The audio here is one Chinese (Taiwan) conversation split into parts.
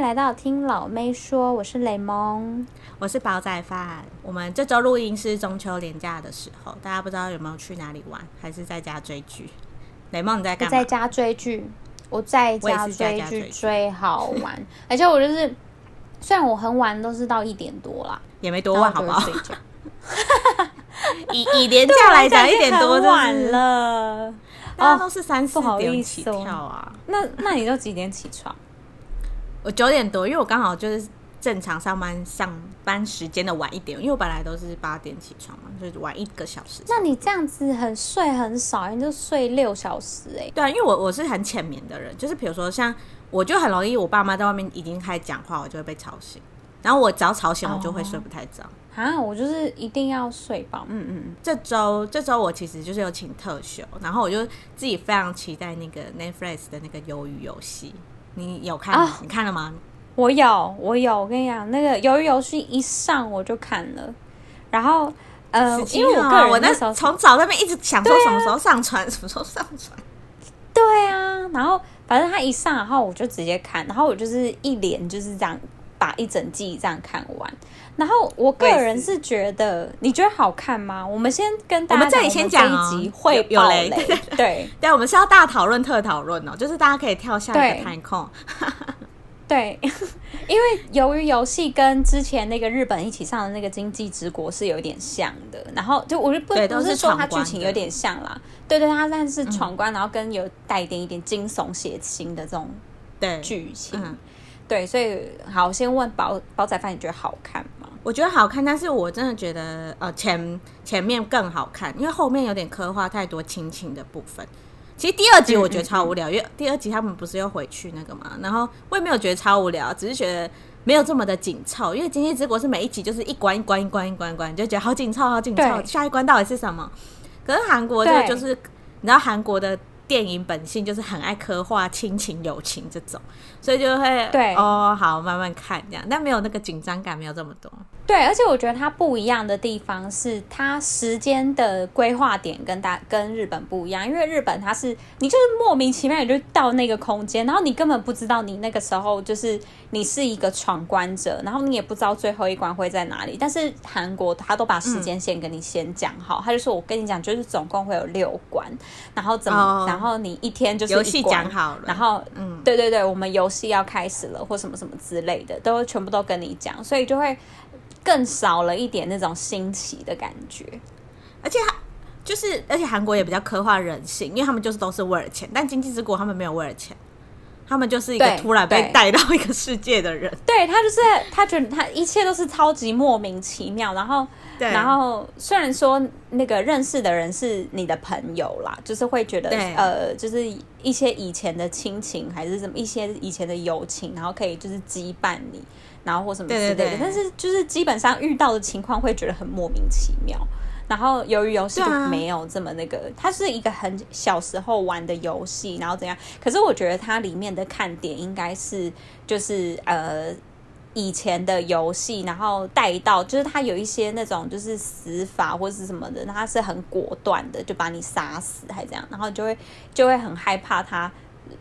來到聽老妹說，我是雷蒙。我是煲仔飯。我們這周錄音是中秋連假的時候，大家不知道有沒有去哪裡玩，還是在家追劇？雷蒙你在幹嘛？在家追劇，我在家追劇追好玩， 而且我就是雖然我很晚都是到一點多了，也沒多晚好不好 以以連假來講，一點多，就是，晚了，大家都是三四點起跳啊。哦，那那你都幾點起床？ 我九點多，因為我剛好就是正常上班上班時間的晚一點，因為我本來都是八點起床嘛，就是晚一個小時。那你這樣子很睡很少，你就睡六小時。哎、欸？對啊，因為我我是很淺眠的人，就是比如說像我就很容易，我爸媽在外面已經開始講話，我就會被吵醒。然後我只要吵醒，我就會睡不太着啊、哦，我就是一定要睡飽。嗯嗯，這周這周我其實就是有請特休，然後我就自己非常期待那個 Netflix 的那個魷魚遊戲。你有看嗎？Oh, 你看了嗎？我有，我有。我跟你講，那個《魷魚遊戲》一上我就看了，然後、哦、呃，因為我我那時候從早上面一直想說什麼時候上傳，啊、什麼時候上傳。對啊，然後反正他一上然後我就直接看，然後我就是一連就是這樣把一整季這樣看完。然後我個人是覺得，是你覺得好看嗎？我們先跟大家我們這裡先講、哦、一集會雷有，有雷，對 對，我們是要大討論、特討論哦，就是大家可以跳下一個太空。對， 對 因為由於遊戲跟之前那個日本一起上的那個《今際之國》是有點像的，然後就我是，不對不是說它劇情有點像啦，對對，它但是闖關，嗯、然後跟有帶一點一點驚悚、血腥的這種對劇情，對，嗯、對，所以好，我先問保包保仔飯，你覺得好看嗎？我覺得好看，但是我真的覺得，呃，前前面更好看，因為後面有點刻畫太多親情的部分。其實第二集我覺得超無聊，嗯嗯嗯，因為第二集他們不是又回去那個嘛，然後我也沒有覺得超無聊，只是覺得沒有這麼的緊湊，因為《今際之國》是每一集就是一關一關一關一關一關，你就覺得好緊湊，好緊湊，下一關到底是什麼？可是韓國就就是，對你知道韓國的。電影本性就是很愛刻畫親情、友情這種，所以就會對哦，好慢慢看這樣，但沒有那個緊張感，沒有這麼多。對，而且我覺得它不一樣的地方是，它時間的規劃點跟大跟日本不一樣，因為日本它是你就是莫名其妙你就到那個空間，然後你根本不知道你那個時候就是你是一個闖關者，然後你也不知道最後一關會在哪裡。但是韓國他都把時間線給你先講好，嗯、他就說：“我跟你講，就是總共會有六關，然後怎麼，哦、然後你一天就是遊戲講好了，然後嗯，對對對，我們遊戲要開始了或什麼什麼之類的，都全部都跟你講，所以就會。”更少了一點那種新奇的感覺，而且他就是，而且韓國也比較刻畫人性，因為他們就是都是為了錢，但《今際之國》他們沒有為了錢，他們就是一個突然被帶到一個世界的人。對,對, 對他就是他覺得他一切都是超級莫名其妙，然後對然後雖然說那個認識的人是你的朋友啦，就是會覺得對呃，就是一些以前的親情還是什麼一些以前的友情，然後可以就是羈絆你。然後或什麼之類的，對對對。但是就是基本上遇到的情況會覺得很莫名其妙。然後由於遊戲就沒有這麼那個，啊、它是一個很小時候玩的遊戲，然後怎樣？可是我覺得它裡面的看點應該是就是呃以前的遊戲，然後帶到就是它有一些那種就是死法或是什麼的，它是很果斷的就把你殺死還是這樣，然後就會就會很害怕它。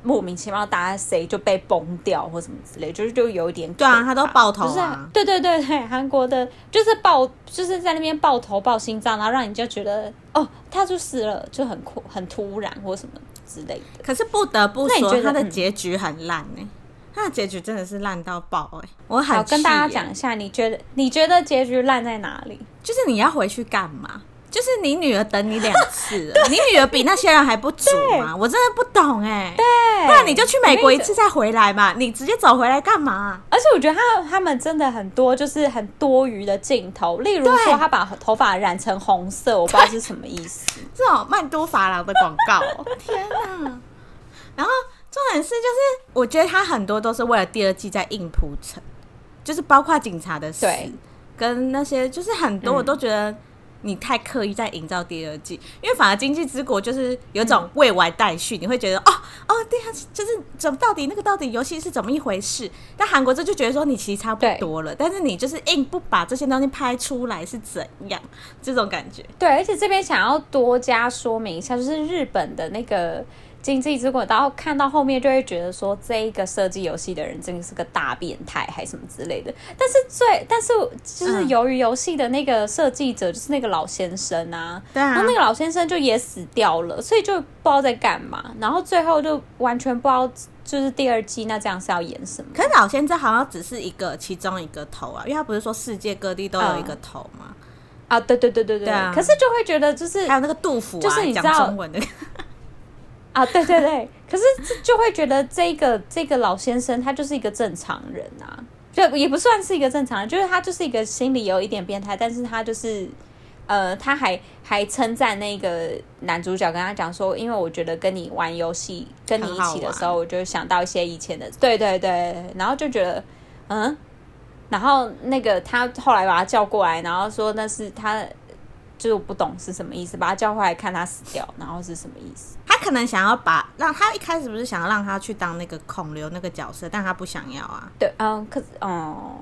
莫名其妙打誰就被崩掉或什麼之類，就是就有一點。對啊，他都爆頭啊！就是、對對對對，韓國的就是爆，就是在那邊爆頭、爆心臟，然後讓人就覺得哦，他就死了，就很很突然或什麼之類的。可是不得不說，那你覺得他的結局很爛哎、欸，嗯、他的結局真的是爛到爆哎、欸！我好跟大家講一下，嗯、你覺得你覺得結局爛在哪裡？就是你要回去幹嘛？就是你女兒等你兩次， 對你女兒比那些人還不足嘛？對我真的不懂哎、欸，對，不然你就去美國一次再回來嘛，嗯、你直接走回來幹嘛？而且我覺得他他們真的很多就是很多餘的鏡頭，例如說他把頭髮染成紅色，對我不知道是什麼意思，這種曼都髮廊的廣告、哦， 天啊！然後重點是，就是我覺得他很多都是為了第二季在硬鋪陳，就是包括警察的事情對跟那些，就是很多我都覺得、嗯。你太刻意在營造第二季，因為反而《今際之國》就是有種未完待續，嗯、你會覺得哦哦，對、哦、啊，就是怎麼到底那個到底遊戲是怎麼一回事？但韓國這就覺得說你其實差不多了，對但是你就是硬、欸、不把這些東西拍出來是怎樣這種感覺。對，而且這邊想要多加說明一下，就是日本的那個。經濟之果，然後看到後面就會覺得說，這一個設計遊戲的人真的是個大變態，還是什麼之類的。但是最，但是就是由於遊戲的那個設計者就是那個老先生啊，嗯、啊然後那個老先生就也死掉了，所以就不知道在幹嘛。然後最後就完全不知道，就是第二季那這樣是要演什麼？可是老先生好像只是一個其中一個頭啊，因為他不是說世界各地都有一個頭嗎？嗯、啊，對對對對對。對啊、可是就會覺得就是還有那個杜甫、啊，就是你講中文的。 啊，對對對，可是就會覺得這個這個老先生他就是一個正常人啊，就也不算是一個正常人，就是他就是一個心理有一點變態，但是他就是呃，他還還稱讚那個男主角，跟他講說，因為我覺得跟你玩遊戲跟你一起的時候，我就想到一些以前的，對對對，然後就覺得嗯，然後那個他後來把他叫過來，然後說那是他。就是我不懂是什麼意思，把他叫回來，看他死掉，然後是什麼意思？他可能想要把讓他一開始不是想要讓他去當那個孔劉那個角色，但他不想要啊。對，嗯、um, um，可是哦。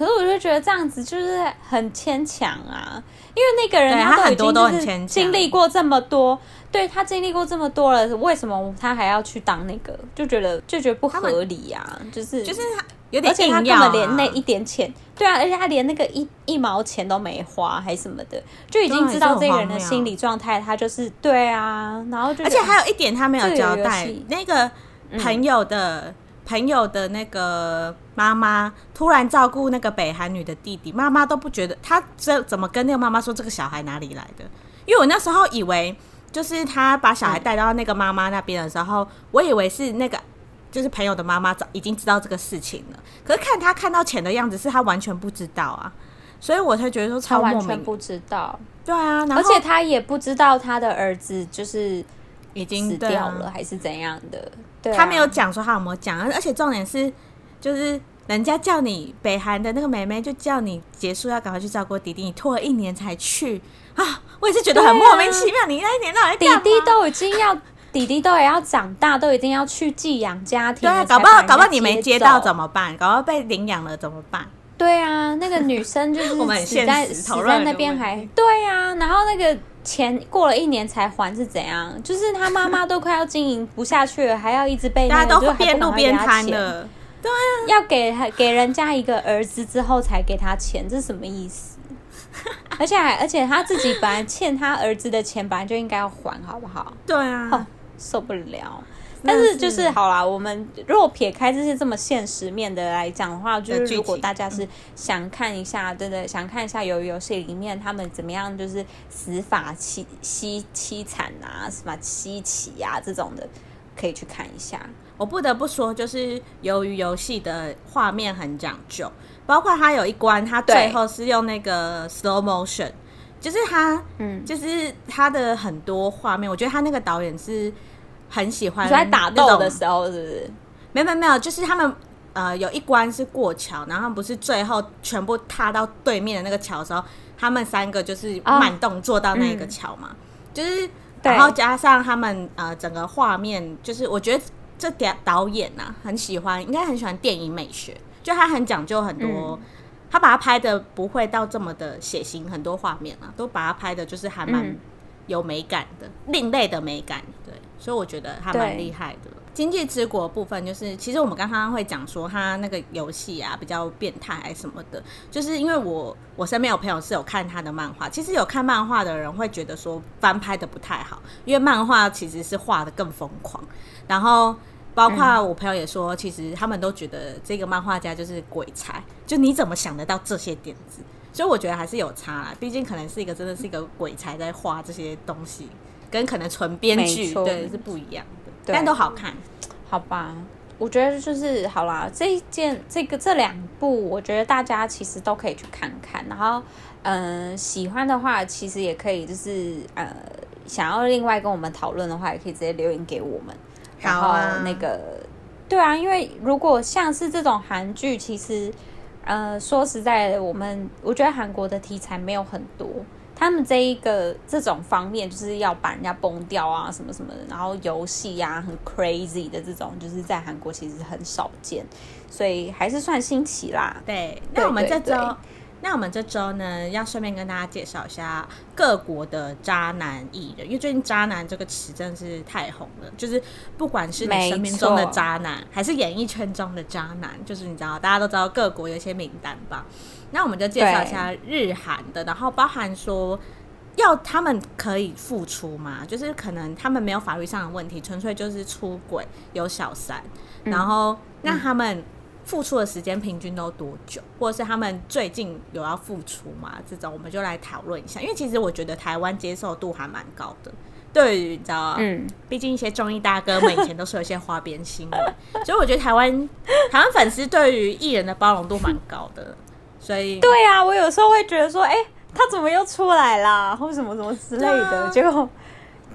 可是我就覺得這樣子就是很牽強啊，因為那個人他都已經就是經歷過這麼多，對，他經歷過這麼多了，為什麼他還要去當那個？就覺得就覺得不合理呀、啊，就是就是他有點，而且他根本連那一點錢，對啊，而且他連那個一一毛錢都沒花，還什麼的，就已經知道這個人的心理狀態，他就是對啊，然後就而且還有一點他沒有交代那個朋友的。朋友的那個媽媽突然照顧那個北韓女的弟弟，媽媽都不覺得。她這怎麼跟那個媽媽說這個小孩哪裡來的？因為我那時候以為，就是她把小孩帶到那個媽媽那邊的時候，嗯、我以為是那個就是朋友的媽媽早已經知道這個事情了。可是看她看到錢的樣子，是她完全不知道啊，所以我才覺得說超莫名的。他完全不知道。對啊，而且她也不知道她的兒子就是已經死掉了、啊、還是怎樣的。對啊，他沒有講說他有沒有講，而且重點是，就是人家叫你北韓的那個妹妹，就叫你結束要趕快去照顧弟弟，你拖了一年才去啊！我也是覺得很莫名其妙，啊、你那一年到底弟弟都已經要 弟弟都也要長大，都一定要去寄養家庭，對啊，搞不好，搞不好你沒接到怎麼辦？搞不好被領養了怎麼辦？對啊，那個女生就是 我們很現實，死在那邊還，對啊，然後那個。錢過了一年才還是怎樣？就是他媽媽都快要經營不下去了， 還要一直被人，那個，家都邊路邊攤的，對啊，要給他給人家一個兒子之後才給他錢，這是什麼意思？ 而且還而且他自己本來欠他兒子的錢，本來就應該要還，好不好？對啊。Oh. 受不了，但是就是好啦，嗯、是我們如果撇開這些這麼現實面的來講的話，的就如果大家是想看一下，嗯、對對想看一下魷魚遊戲裡面他們怎麼樣，就是死法淒淒淒慘啊，什麼稀奇啊這種的，可以去看一下。我不得不說，就是魷魚遊戲的畫面很講究，包括他有一關，他最後是用那個 slow motion，對就是他，嗯，就是他的很多畫面，我覺得他那個導演是。很喜歡在打鬥的時候，是不是？沒有沒有沒有，就是他們呃，有一關是過橋，然後不是最後全部踏到對面的那個橋的時候，他們三個就是慢動作到那一個橋嘛，就是然後加上他們呃，整個畫面就是我覺得這點導演啊很喜歡，應該很喜歡電影美學，就他很講究很多，他把他拍的不會到這麼的血腥，很多畫面啊都把他拍的就是還蠻有美感的，另類的美感，對。所以我覺得還蠻厲害的。對今際之國的部分就是，其實我們剛剛會講說他那個遊戲啊比較變態什麼的，就是因為我我身邊有朋友是有看他的漫畫，其實有看漫畫的人會覺得說翻拍的不太好，因為漫畫其實是畫得更瘋狂。然後包括我朋友也說，嗯、其實他們都覺得這個漫畫家就是鬼才，就你怎麼想得到這些點子？所以我覺得還是有差啦，畢竟可能是一個真的是一個鬼才在畫這些東西。跟可能純編劇對是不一樣的。對但都好看，好吧？我覺得就是好啦，這一件這個這兩部，我覺得大家其實都可以去看看。然後，嗯、呃，喜歡的話，其實也可以就是呃，想要另外跟我們討論的話，也可以直接留言給我們。好啊、然後那個，對啊，因為如果像是這種韓劇，其實呃，說實在，我們、嗯、我覺得韓國的題材沒有很多。他們這一個這種方面，就是要把人家崩掉啊，什麼什麼的，然後遊戲呀、啊，很 crazy 的這種，就是在韓國其實很少見，所以還是算新奇啦。對，那我們這周，對對對，那我們這周呢，要順便跟大家介紹一下各國的渣男藝人，因為最近“渣男”這個詞真的是太紅了，就是不管是你生命中的渣男，沒錯，還是演藝圈中的渣男，就是你知道，大家都知道各國有一些名單吧。那我們就介紹一下日韓的，對然後包含說要他們可以付出嗎？就是可能他們沒有法律上的問題，純粹就是出軌有小三，嗯、然後那他們付出的時間平均都多久，嗯、或者是他們最近有要付出嗎？這種我們就來討論一下，因為其實我覺得台灣接受度還蠻高的，對於你知道、啊、嗯，畢竟一些綜藝大哥們以前都是有些花邊新聞， 所以我覺得台灣台灣粉絲對於藝人的包容度蠻高的。 所以對啊，我有時候會覺得說，哎、欸，他怎麼又出來啦，或什麼什麼之類的，就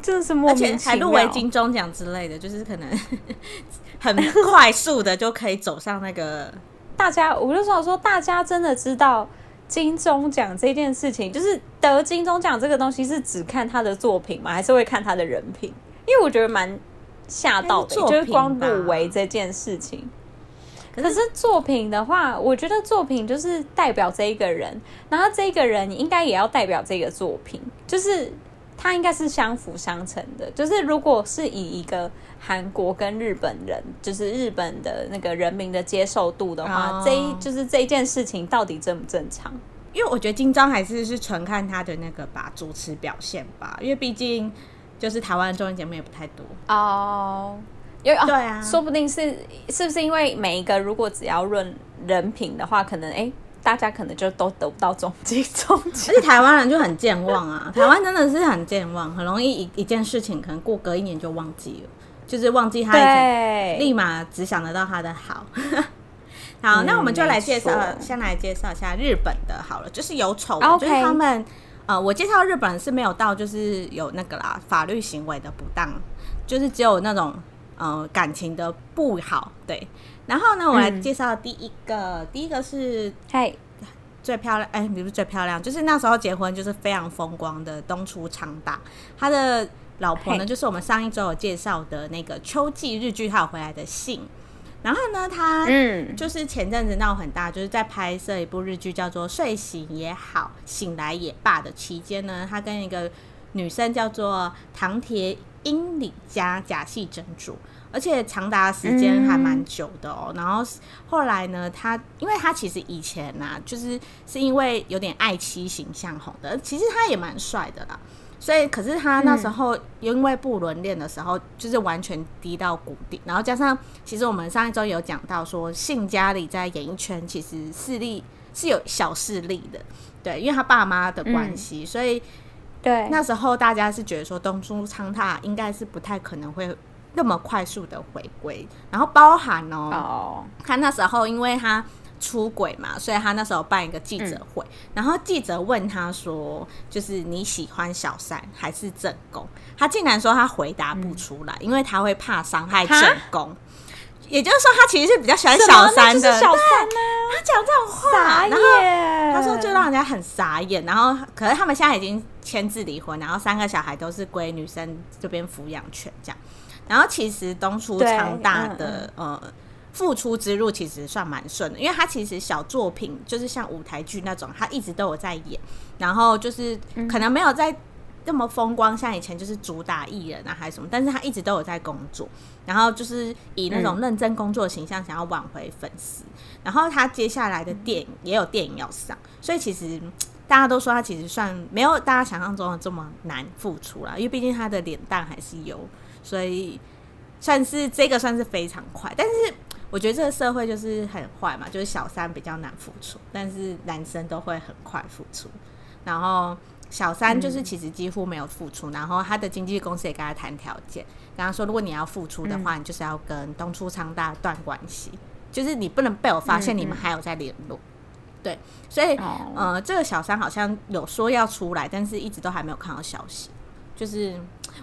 就、啊、是莫名其妙還入圍金鐘獎之類的，就是可能呵呵很快速的就可以走上那個 大家。我就想說，大家真的知道金鐘獎這件事情，就是得金鐘獎這個東西是只看他的作品嗎？還是會看他的人品？因為我覺得蠻嚇到的，是就是光入圍這件事情。可是作品的話，我覺得作品就是代表這一個人，然後這一個人應該也要代表這個作品，就是他應該是相輔相成的。就是如果是以一個韓國跟日本人，就是日本的那個人民的接受度的話，Oh. 這一就是這件事情到底正不正常？因為我覺得金鐘還是是純看他的那個吧，主持表現吧，因為畢竟就是台灣綜藝節目也不太多哦。Oh. 因為哦、對啊，說不定是是不是因為每一個如果只要論人品的話，可能哎、欸，大家可能就都得不到終極終。而且台灣人就很健忘啊， 台灣真的是很健忘，很容易一一件事情可能過隔一年就忘記了，就是忘記他，已經，立馬只想得到他的好。 好，嗯、那我們就來介紹，錯先來介紹一下日本的好了，就是有醜聞，Okay. 就他們、呃、我介紹日本是沒有到就是有那個啦，法律行為的不當，就是只有那種。呃，感情的不好，對。然後呢，我來介紹的第一個，嗯、第一個是，嘿，最漂亮，哎，不是最漂亮，就是那時候結婚就是非常風光的東出昌大，他的老婆呢，就是我們上一周有介紹的那個秋季日劇，他回來的信。然後呢，他嗯，就是前陣子鬧很大，就是在拍攝一部日劇叫做《睡醒也好，醒來也罷》的期間呢，他跟一個女生叫做唐鐵。英里加假戲真做，而且長達時間還蠻久的哦。嗯、然後後來呢，他因為他其實以前吶、啊，就是是因為有點愛妻形象紅的，其實他也蠻帥的啦。所以可是他那時候因為不倫戀的時候，嗯、就是完全低到谷底。然後加上其實我們上一周有講到說，性家裡在演藝圈其實勢力是有小勢力的，對，因為他爸媽的關係，嗯、所以。對，那時候大家是覺得說東出昌大應該是不太可能會那麼快速的回歸，然後包含哦、喔，oh. 他那時候因為他出軌嘛，所以他那時候辦一個記者會，嗯、然後記者問他說，就是你喜歡小三還是正宮？他竟然說他回答不出來，嗯、因為他會怕傷害正宮。也就是說，他其實是比較喜歡小三的。小三呢？他講這種話，傻眼然後他說就讓人家很傻眼。然後，可是他們現在已經簽字離婚，然後三個小孩都是歸女生這邊撫養權這樣。然後，其實東初長大的、嗯、呃，復出之路其實算蠻順的，因為他其實小作品就是像舞台劇那種，他一直都有在演，然後就是可能沒有在。嗯這麼風光，像以前就是主打藝人啊，還是什麼？但是他一直都有在工作，然後就是以那種認真工作的形象，想要挽回粉絲。然後他接下來的電影也有電影要上，所以其實大家都說他其實算沒有大家想象中的這麼難付出啦，因為畢竟他的臉蛋還是有，所以算是這個算是非常快。但是我覺得這個社會就是很壞嘛，就是小三比較難復出，但是男生都會很快復出，然後。小三就是其實幾乎沒有付出，嗯、然後他的經紀公司也跟他談條件，跟他說如果你要付出的話，嗯、你就是要跟東出昌大斷關係，就是你不能被我發現、嗯、你們還有在聯絡。嗯、對，所以、哦、呃，這個小三好像有說要出來，但是一直都還沒有看到消息。就是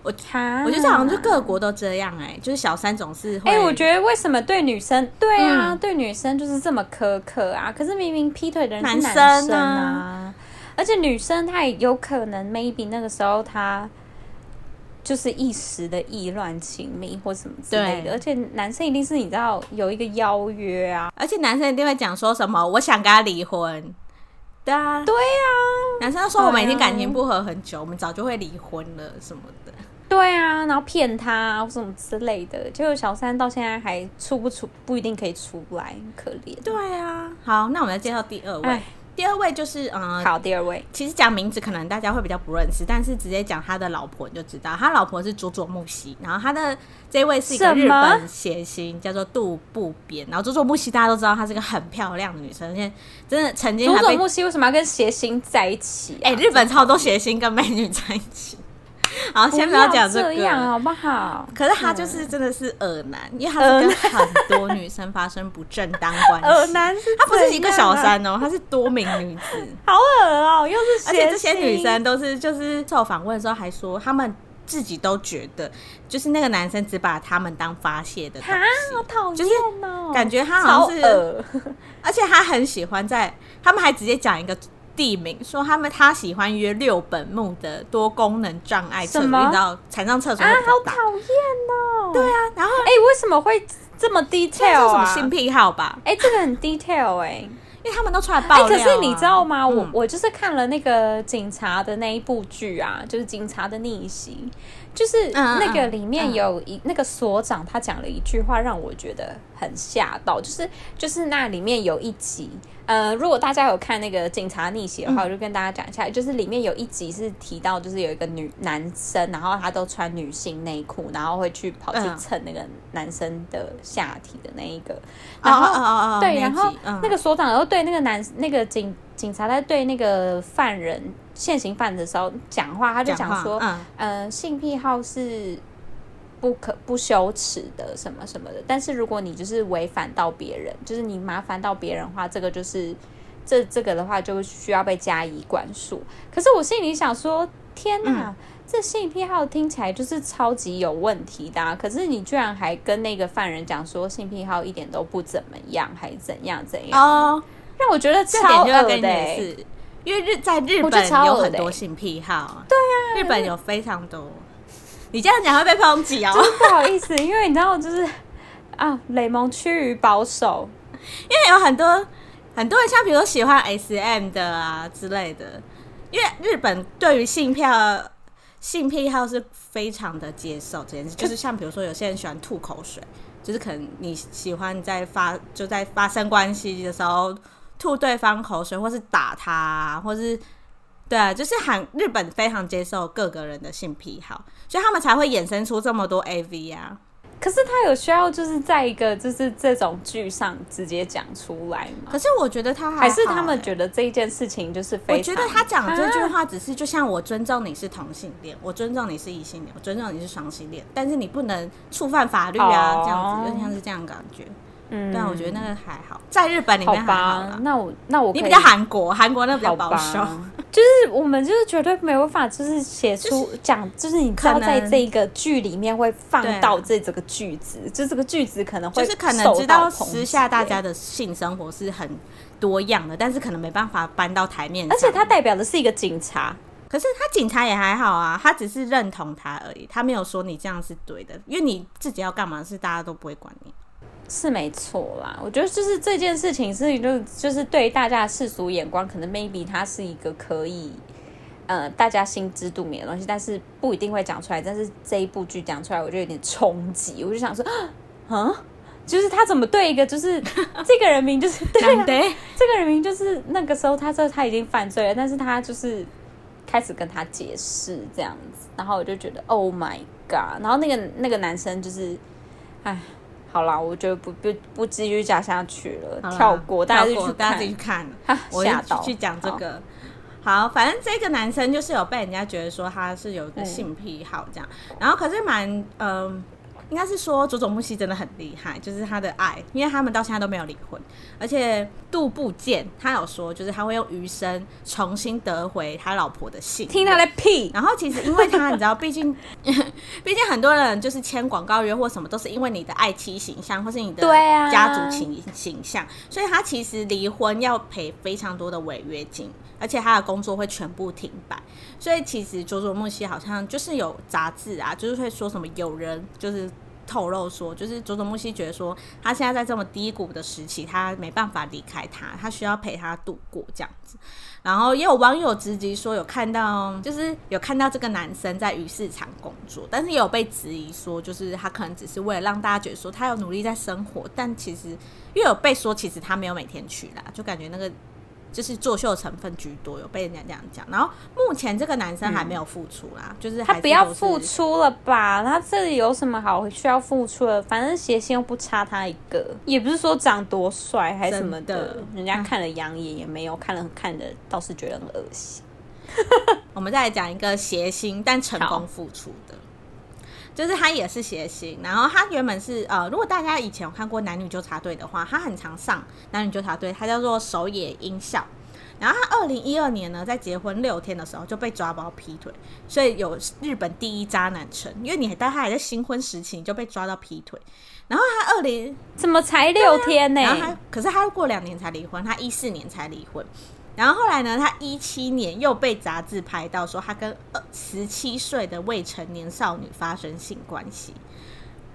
我、啊、我覺得像好像就各國都這樣哎、欸，就是小三總是哎，欸、我覺得為什麼對女生對啊、嗯、對女生就是這麼苛刻啊？可是明明劈腿的人是男生啊。而且女生她也有可能，maybe 那個時候她就是一時的意亂情迷或什麼之類的。對而且男生一定是你知道有一個邀約啊。而且男生一定會講說什麼，我想跟他離婚。對啊，對啊，男生都說我們已經感情不合很久，啊、我們早就會離婚了什麼的。對啊，然後騙他或什麼之類的，結果小三到現在還出不出，不一定可以出來，很可憐。對啊，好，那我們來介紹第二位。第二位就是嗯，呃、好，第二位。其實講名字可能大家會比較不認識，但是直接講他的老婆你就知道，他老婆是佐佐木希，然後他的這位是一個日本諧星，嗎叫做渡部建。然後佐佐木希大家都知道，她是一個很漂亮的女生，現在真的曾經佐佐木希為什麼要跟諧星在一起啊？哎、欸，日本超多諧星跟美女在一起。好，先不要講這，這個，好不好？可是他就是真的是惡男，嗯、因為他是跟很多女生發生不正當關係。惡男、啊、他不是一個小三哦，他是多名女子。好惡哦，又是，而且這些女生都是，就是做訪問的時候還說，他們自己都覺得，就是那個男生只把她們當發洩的東西啊，好討厭哦，感覺他好像是，超惡。而且他很喜歡在，他們還直接講一個。地名說他們，他喜歡約六本木的多功能障礙廁麼所，你知到殘障廁所啊，好討厭哦！對啊，然後哎、啊欸、為什麼會這麼 detail 啊？這是什麼新癖好吧？哎、欸，這個很 detail 哎、欸， 因為他們都出來爆料、啊欸。可是你知道嗎？嗯、我我就是看了那個警察的那一部劇啊，就是《警察的逆襲》。就是那個裡面有一、嗯嗯、那個所長，他講了一句話讓我覺得很嚇到，就是就是那裡面有一集，呃，如果大家有看那個《警察逆襲》的話，嗯、我就跟大家講一下，就是裡面有一集是提到，就是有一個女男生，然後他都穿女性內褲，然後會去跑去蹭那個男生的下體的那一個，然後、嗯嗯嗯、對，然後那個所長，然後對那個男那個警警察在對那個犯人。現行犯的時候講話，他就講說，講嗯、呃，性癖好是不可不羞恥的什麼什麼的。但是如果你就是違反到別人，就是你麻煩到別人的話，這個就是這這個的話就需要被加以管束。可是我心裡想說，天哪，嗯、這性癖好聽起來就是超級有問題的、啊。可是你居然還跟那個犯人講說，性癖好一點都不怎麼樣，還怎樣怎樣？哦，讓我覺得這點就噁心。因為日在日本有很多性癖好，對啊、哦，日本有非常多。你這樣講會被抨擊啊、哦，真不好意思。 因為你知道，就是啊，雷蒙趨於保守，因為有很多很多人，像比如說喜歡 SM 的啊之類的。因為日本對於性癖好、性癖好是非常的接受這件事，就是像比如說有些人喜歡吐口水，就是可能你喜歡在發就在發生關係的時候。吐對方口水，或是打他、啊，或是對啊，就是韓日本非常接受各個人的性癖好，所以他們才會衍生出這麼多 AV 呀、啊。可是他有需要，就是在一個就是這種劇上直接講出來嗎？可是我覺得他還好、欸、還是他們覺得這一件事情就是非常，我覺得他講這句話只是就像我尊重你是同性戀、啊，我尊重你是異性戀，我尊重你是雙性戀，但是你不能觸犯法律啊，這樣子、oh. 就像是這樣感覺。嗯，對、啊，我覺得那個還好，在日本裡面還好。好吧，那我那我你比較韓國，韓國那比較保守。就是我們就是絕對沒有辦法，就是寫出、就是、講，就是你要在這個劇裡面會放到這這個句子，啊、就這個句子可能會就是可能知道私下大家的性生活是很多樣的，對但是可能沒辦法搬到台面。而且他代表的是一個警察，可是他警察也還好啊，他只是認同他而已，他沒有說你這樣是對的，因為你自己要幹嘛是大家都不會管你。是沒錯啦，我覺得就是這件事情是就就是對大家世俗眼光，可能 maybe 他是一個可以，呃，大家心知肚明的東西，但是不一定會講出來。但是這一部劇講出來，我就有點衝擊，我就想說，啊，就是他怎麼對一個就是 這個人名就是對， 這個人名就是那個時候他說他已經犯罪了，但是他就是開始跟他解釋這樣子，然後我就覺得 Oh my God，然後那個那個男生就是，哎。好啦，我就不不不繼續講下去了，啦跳過，大家，去大家自己去看。我想去講到這個。好，好，反正這個男生就是有被人家覺得說他是有一個性癖好這樣，嗯、然後可是蠻嗯。呃應該是說佐佐木希真的很厲害，就是他的愛，因為他們到現在都沒有離婚，而且渡部建他有說，就是他會用餘生重新得回他老婆的信，聽他的屁。然後其實因為他，你知道畢，畢竟畢竟很多人就是簽廣告約或什麼，都是因為你的愛妻形象或是你的家族形形象，對啊，所以他其實離婚要賠非常多的違約金。而且他的工作會全部停擺，所以其實佐佐木希好像就是有雜誌啊，就是會說什麼有人就是透露說，就是佐佐木希覺得說他現在在這麼低谷的時期，他沒辦法離開他，他需要陪他度過這樣子。然後也有網友直接說有看到，就是有看到這個男生在魚市場工作，但是也有被質疑說，就是他可能只是為了讓大家覺得說他有努力在生活，但其實又有被說其實他沒有每天去啦，就感覺那個。就是作秀成分居多，有被人家這樣講。然後目前這個男生還沒有復出啦，嗯、就是，還是，是他不要復出了吧？他這裡有什麼好需要復出的？反正諧星又不差他一個，也不是說長多帥還是什麼的，的人家看了養眼也沒有， 看了看的倒是覺得很惡心。 我們再來講一個諧星但成功復出的。就是他也是諧星，然後他原本是呃，如果大家以前有看過《男女糾察隊》的話，他很常上《男女糾察隊》，他叫做狩野英孝。然後他二零一二年呢，在結婚六天的時候就被抓包劈腿，所以有日本第一渣男稱，因為你到他還在新婚時期你就被抓到劈腿。然後他二零怎麼才六天呢？啊、然後他可是他過兩年才離婚，他一四年才離婚。然後後來呢，他一七年又被雜誌拍到，說他跟十七歲的未成年少女發生性關係，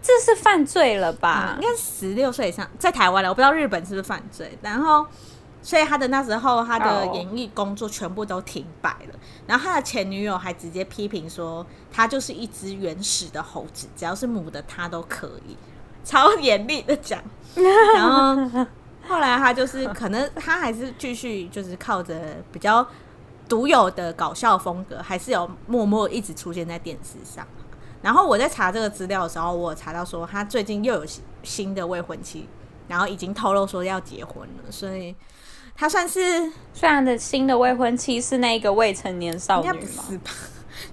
這是犯罪了吧？應該十六歲以上，在台灣了。我不知道日本是不是犯罪。然後，所以他的那時候他的演藝工作全部都停擺了。Oh. 然後他的前女友還直接批評說，他就是一隻原始的猴子，只要是母的他都可以，超嚴厲的講。然後。 後來他就是可能他還是繼續就是靠着比較獨有的搞笑風格，還是有默默一直出現在電視上。然後我在查這個資料的時候，我查到說他最近又有新的未婚妻，然後已經透露說要結婚了。所以他算是雖然的新的未婚妻是那個未成年少女嘛，應該不是吧？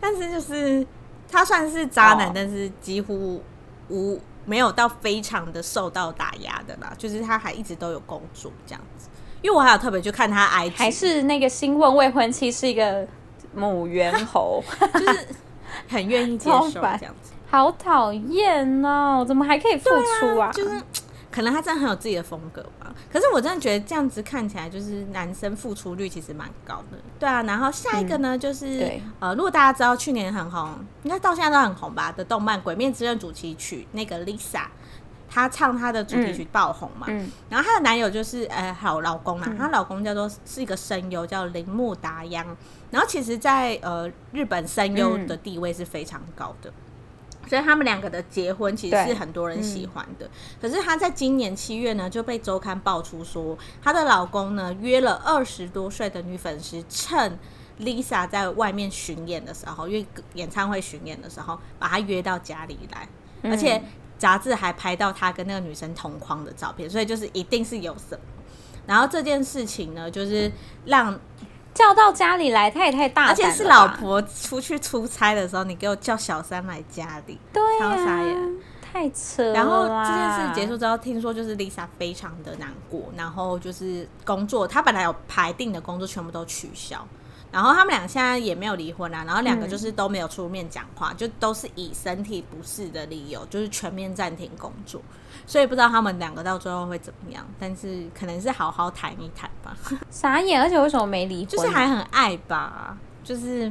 但是就是他算是渣男，哦、但是幾乎無。沒有到非常的受到打壓的啦，就是他還一直都有工作這樣子，因為我還有特別去看他 IG，還是那個新婚未婚妻是一個母猿猴， 就是很願意接受這樣子，好討厭哦，怎麼還可以復出啊？可能他真的很有自己的風格吧。可是我真的覺得這樣子看起來，就是男生付出率其實蠻高的。對啊，然後下一個呢，嗯、就是對呃，如果大家知道去年很紅，應該到現在都很紅吧的動漫《鬼滅之刃》主題曲，那個 Lisa 她唱她的主題曲爆紅嘛。嗯嗯、然後她的男友就是呃好老公嘛、啊，嗯、她老公叫做是一個聲優，叫鈴木達央。然後其實在，在呃日本聲優的地位是非常高的。嗯所以他們兩個的結婚其實是很多人喜歡的，可是他在今年七月呢就被周刊爆出說，他的老公呢約了二十多歲的女粉絲，趁 Lisa 在外面巡演的時候，因為演唱會巡演的時候把她約到家裡來，而且雜誌還拍到他跟那個女生同框的照片，所以就是一定是有什麼。然後這件事情呢，就是讓。叫到家裡來，他也太大膽了。而且是老婆出去出差的時候，你給我叫小三來家裡，對呀、啊，太扯。然後這件事結束之後，聽說就是 Lisa 非常的難過，然後就是工作，他本來有排定的工作全部都取消。然後他們倆現在也沒有離婚啊，然後兩個就是都沒有出面講話，嗯、就都是以身體不適的理由，就是全面暫停工作。所以不知道他們兩個到最後會怎麼樣，但是可能是好好談一談吧。 傻眼，而且為什麼沒離婚？就是還很愛吧，就是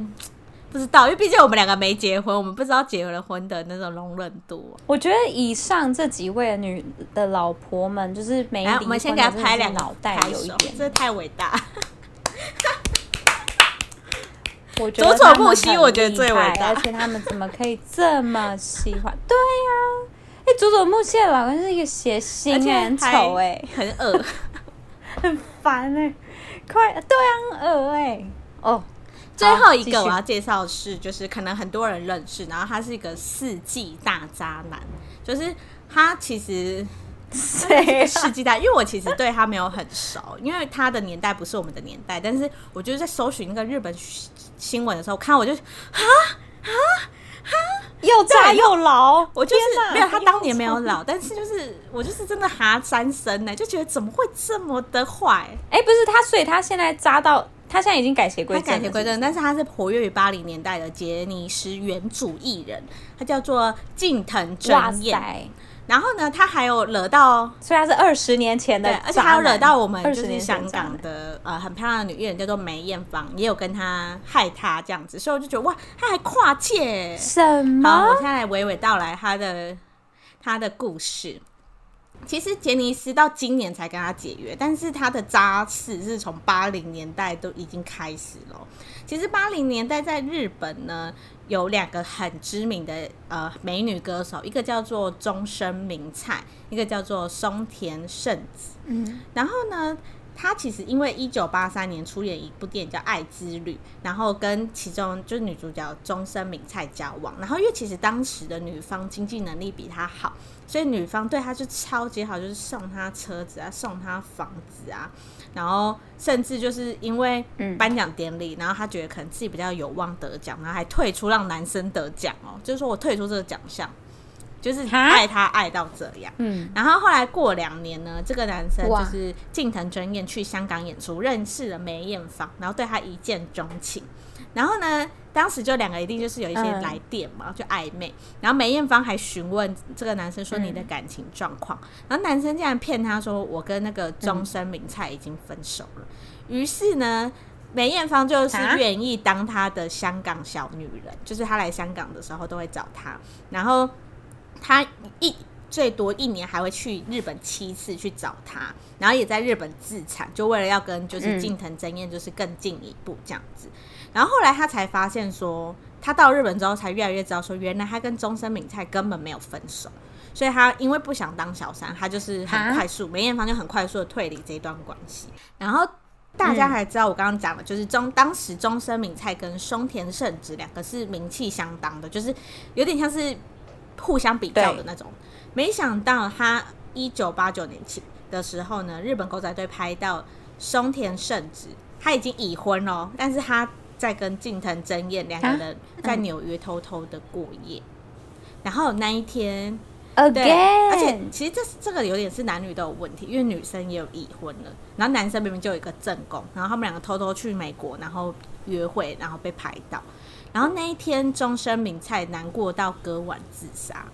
不知道，因為畢竟我們兩個沒結婚，我們不知道結了婚的那種容忍度，啊。我覺得以上這幾位的女的老婆們，就是沒離婚的，啊。我們先給她拍兩腦袋手，有一點，點，這太偉大。 我佐佐木希我覺得最偉大， 而且他們怎麼可以這麼喜歡？對呀，啊。哎，佐佐木希的老公是一個諧星，而且很醜、欸，哎、 欸，很惡，很煩，哎，快對啊，惡、欸，哎、oh, 哦好，最後一個續我要介紹的是，就是可能很多人認識，然後他是一個世紀大渣男，就是他其實世紀、啊、大，因為我其實對他沒有很熟，因為他的年代不是我們的年代，但是我就是在搜尋那個日本新聞的時候，我看我就啊啊。哈，又渣又老，我就是沒有，沒有他當年沒有老，有但是就是我就是真的哈，三生呢就覺得怎麼會這麼的壞？哎，不是他，所以他現在渣到他現在已經改邪歸正，改邪歸正，歸但是他是活躍於八零年代的傑尼斯原主藝人，他叫做近藤真彥。然後呢，他還有惹到，雖然是二十年前的，而且他有惹到我們就是香港的、的呃很漂亮的女藝人叫做梅艷芳，也有跟他害他這樣子，所以我就覺得哇，他還跨界什麼？好，我現在來娓娓道來他的他的故事。其實傑尼斯到今年才跟他解約，但是他的渣史是從八零年代都已經開始了。其實八零年代在日本呢，有兩個很知名的呃美女歌手，一個叫做中森明菜，一個叫做松田聖子。嗯，然後呢？他其實因為一九八三年出演一部電影叫《愛之旅》，然後跟其中就是女主角終身美菜交往。然後因為其實當時的女方經濟能力比他好，所以女方對他就超級好，就是送他車子啊，送他房子啊。然後甚至就是因為頒獎典禮，嗯、然後他覺得可能自己比較有望得獎，然後還退出讓男生得獎哦、喔，就是說我退出這個獎項。就是愛他愛到這樣，嗯，然後後來過兩年呢，這個男生就是近藤真彥去香港演出，哇認識了梅豔芳，然後對他一見鍾情，然後呢，當時就兩個一定就是有一些來電嘛，嗯、就曖昧，然後梅豔芳還詢問這個男生說你的感情狀況，嗯、然後男生竟然騙他說我跟那個中森明菜已經分手了。於、嗯、是呢，梅豔芳就是願意當他的香港小女人，啊、就是他來香港的時候都會找他，然後。他一最多一年還會去日本七次去找他，然後也在日本置產，就為了要跟就是近藤真彦就是更進一步這樣子。嗯、然後後來他才發現說，他到日本之後才越來越知道說，原來他跟中森明菜根本沒有分手。所以他因為不想當小三，他就是很快速梅豔芳就很快速的退離這一段關係。然後大家還知道我剛剛講了，就是中、嗯、當時中森明菜跟松田聖子兩個是名氣相當的，就是有點像是。互相比較的那種，對沒想到他一九八九年的時候呢，日本狗仔隊拍到松田聖子，嗯、他已經已婚哦。但是他在跟近藤真彥兩個人在紐約偷偷的過夜，啊、然後那一天，嗯、對，Again? 而且其實這這個有點是男女都有問題，因為女生也有已婚了，然後男生明明就有一個正宮，然後他們兩個偷偷去美國，然後約會，然後被拍到。然後那一天，中森明菜難過到割腕自殺，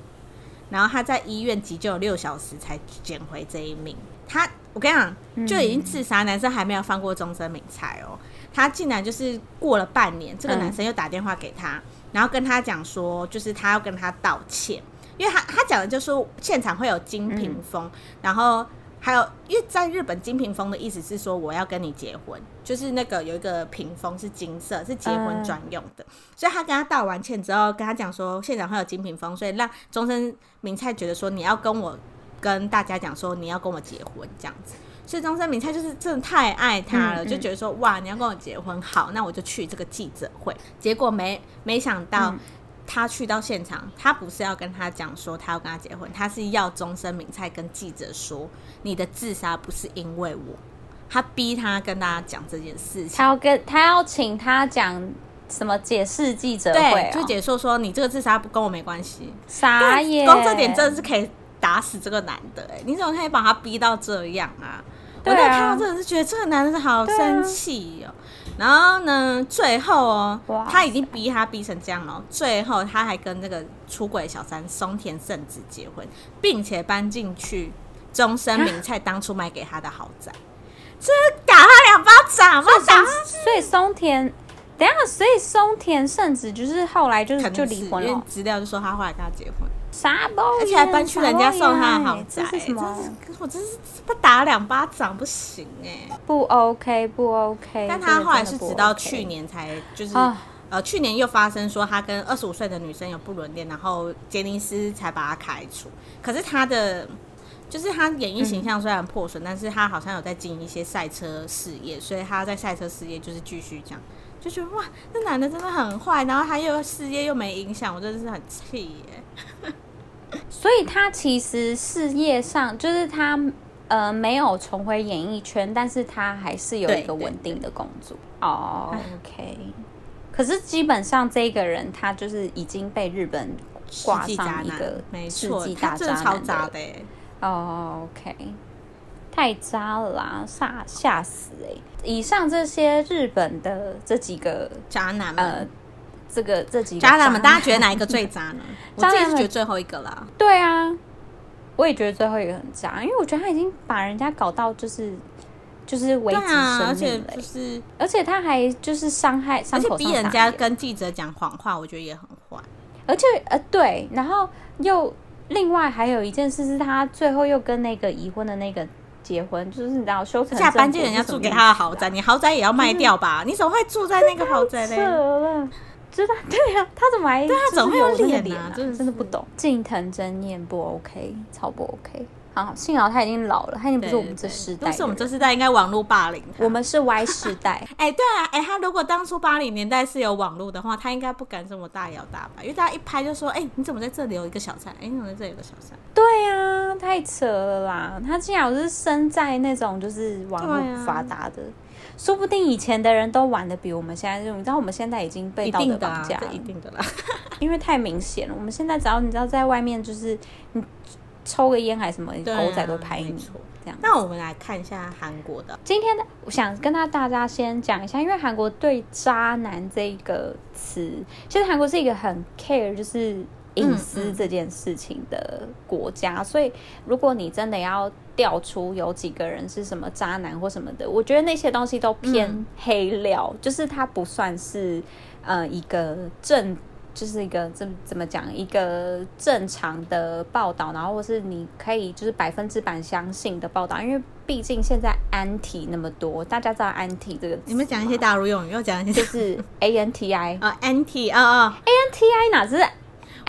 然後他在醫院急救六小時才撿回這一命。他，我跟你講，嗯、就已經自殺，男生還沒有放過中森明菜哦。他竟然就是過了半年，這個男生又打電話給他，嗯、然後跟他講說，就是他要跟他道歉，因為他他講的就是現場會有金屏風，嗯、然後。還有，因為在日本，金屏風的意思是說我要跟你結婚，就是那個有一個屏風是金色，是結婚專用的。呃、所以他跟他道完歉之後，跟他講說現場會有金屏風，所以讓中森明菜覺得說你要跟我跟大家講說你要跟我結婚這樣子。所以中森明菜就是真的太愛他了，嗯、就覺得說哇，你要跟我結婚，好，那我就去這個記者會。結果沒沒想到。嗯他去到現場，他不是要跟他講說他要跟他結婚，他是要中森明菜跟記者說，你的自殺不是因為我。他逼他跟大家講這件事情，他要跟他要請他講什麼解釋記者會、喔對，就解說說你這個自殺不跟我沒關係。傻眼，光這點真的是可以打死這個男的哎、欸！你怎麼可以把他逼到這樣啊？對啊，我在看到真的是覺得這個男的是好生氣喲、喔。然後呢，最後哦，哇塞，他已經逼他逼成這樣了、哦。最後他還跟這個出軌小三松田聖子結婚，並且搬進去中森明菜當初賣給他的豪宅。真、啊、打他兩巴掌！所以，打所以松田，等下，所以松田聖子就是後來就是就離婚了。資料就說他後來跟他結婚。而且還搬去人家送他的豪宅、欸，這是什麼？真我真是他打兩巴掌不行哎、欸，不 OK 不 OK。但他後來是直到去年才就是，啊，呃去年又發生說他跟二十五歲的女生有不倫戀，然後傑尼斯才把他開除。可是他的就是他演藝形象雖然破損，嗯，但是他好像有在經營一些賽車事業，所以他在賽車事業就是繼續這樣，就覺得哇，那男的真的很壞，然後他又事業又沒影響，我真的是很氣耶，欸。 所以他其實事業上就是他，呃，沒有重回演藝圈，但是他還是有一個穩定的工作。哦、oh,，OK、啊。可是基本上這個人他就是已經被日本掛上一個世紀渣男。沒錯，他是超渣的、欸。哦、oh,，OK。太渣了啦，嚇嚇死哎、欸！以上這些日本的這幾個渣男們，呃這個這幾個渣男們，大家覺得哪一個最渣呢？ 很我自己是覺得最後一個啦。對啊，我也覺得最後一個很渣，因為我覺得他已經把人家搞到就是就是危機了、啊，而且就是而且他還就是傷害，傷口傷害而且逼人家跟記者講謊話，我覺得也很壞。而且呃對，然後又另外還有一件事是，他最後又跟那個已婚的那個結婚，就是然後下班進人家住給他的豪宅，你豪宅也要賣掉吧？嗯、你怎麼會住在那個豪宅呢？真的對，啊，他怎麼還？對啊，對他怎麼會有這個臉啊？真、就、的、是、真的不懂。近藤真念不 OK，超不 OK。好，好，幸好他已經老了，他已經不是我們這世代。但、就是我們這世代，應該網絡霸凌他。我們是 Y 世代。哎、 欸，對啊，哎、欸，他如果當初八零年代是有網絡的話，他應該不敢這麼大搖大擺，因為大家一拍就說：“哎、欸，你怎麼在這裡有一個小三？哎、欸，你怎麼在這裡有一個小三？”對啊太扯了啦！他竟然我是生在那種就是網絡不發達的。說不定以前的人都玩的比我們現在這種，你知道，我們現在已經被道德綁、啊、架了，一定的啦， 因為太明顯了。我們現在只要你知道，在外面就是你抽個煙還是什麼，狗、啊、仔都拍你，錯這樣。那我們來看一下韓國的，今天我想跟他大家先講一下，因為韓國對“渣男”這一個詞，其實韓國是一個很 care，就是。隱私這件事情的國家，嗯嗯、所以如果你真的要調出有幾個人是什麼渣男或什麼的，我覺得那些東西都偏黑料，嗯、就是它不算是呃一個正，就是一個怎怎麼講一個正常的報道，然後或是你可以就是百分之百相信的報道，因為畢竟現在 anti 那麼多，大家知道 anti 這個，你們講一些大陸用語，又講一些就是 AN TI, oh, anti 啊、oh oh. anti 啊啊 anti 哪支？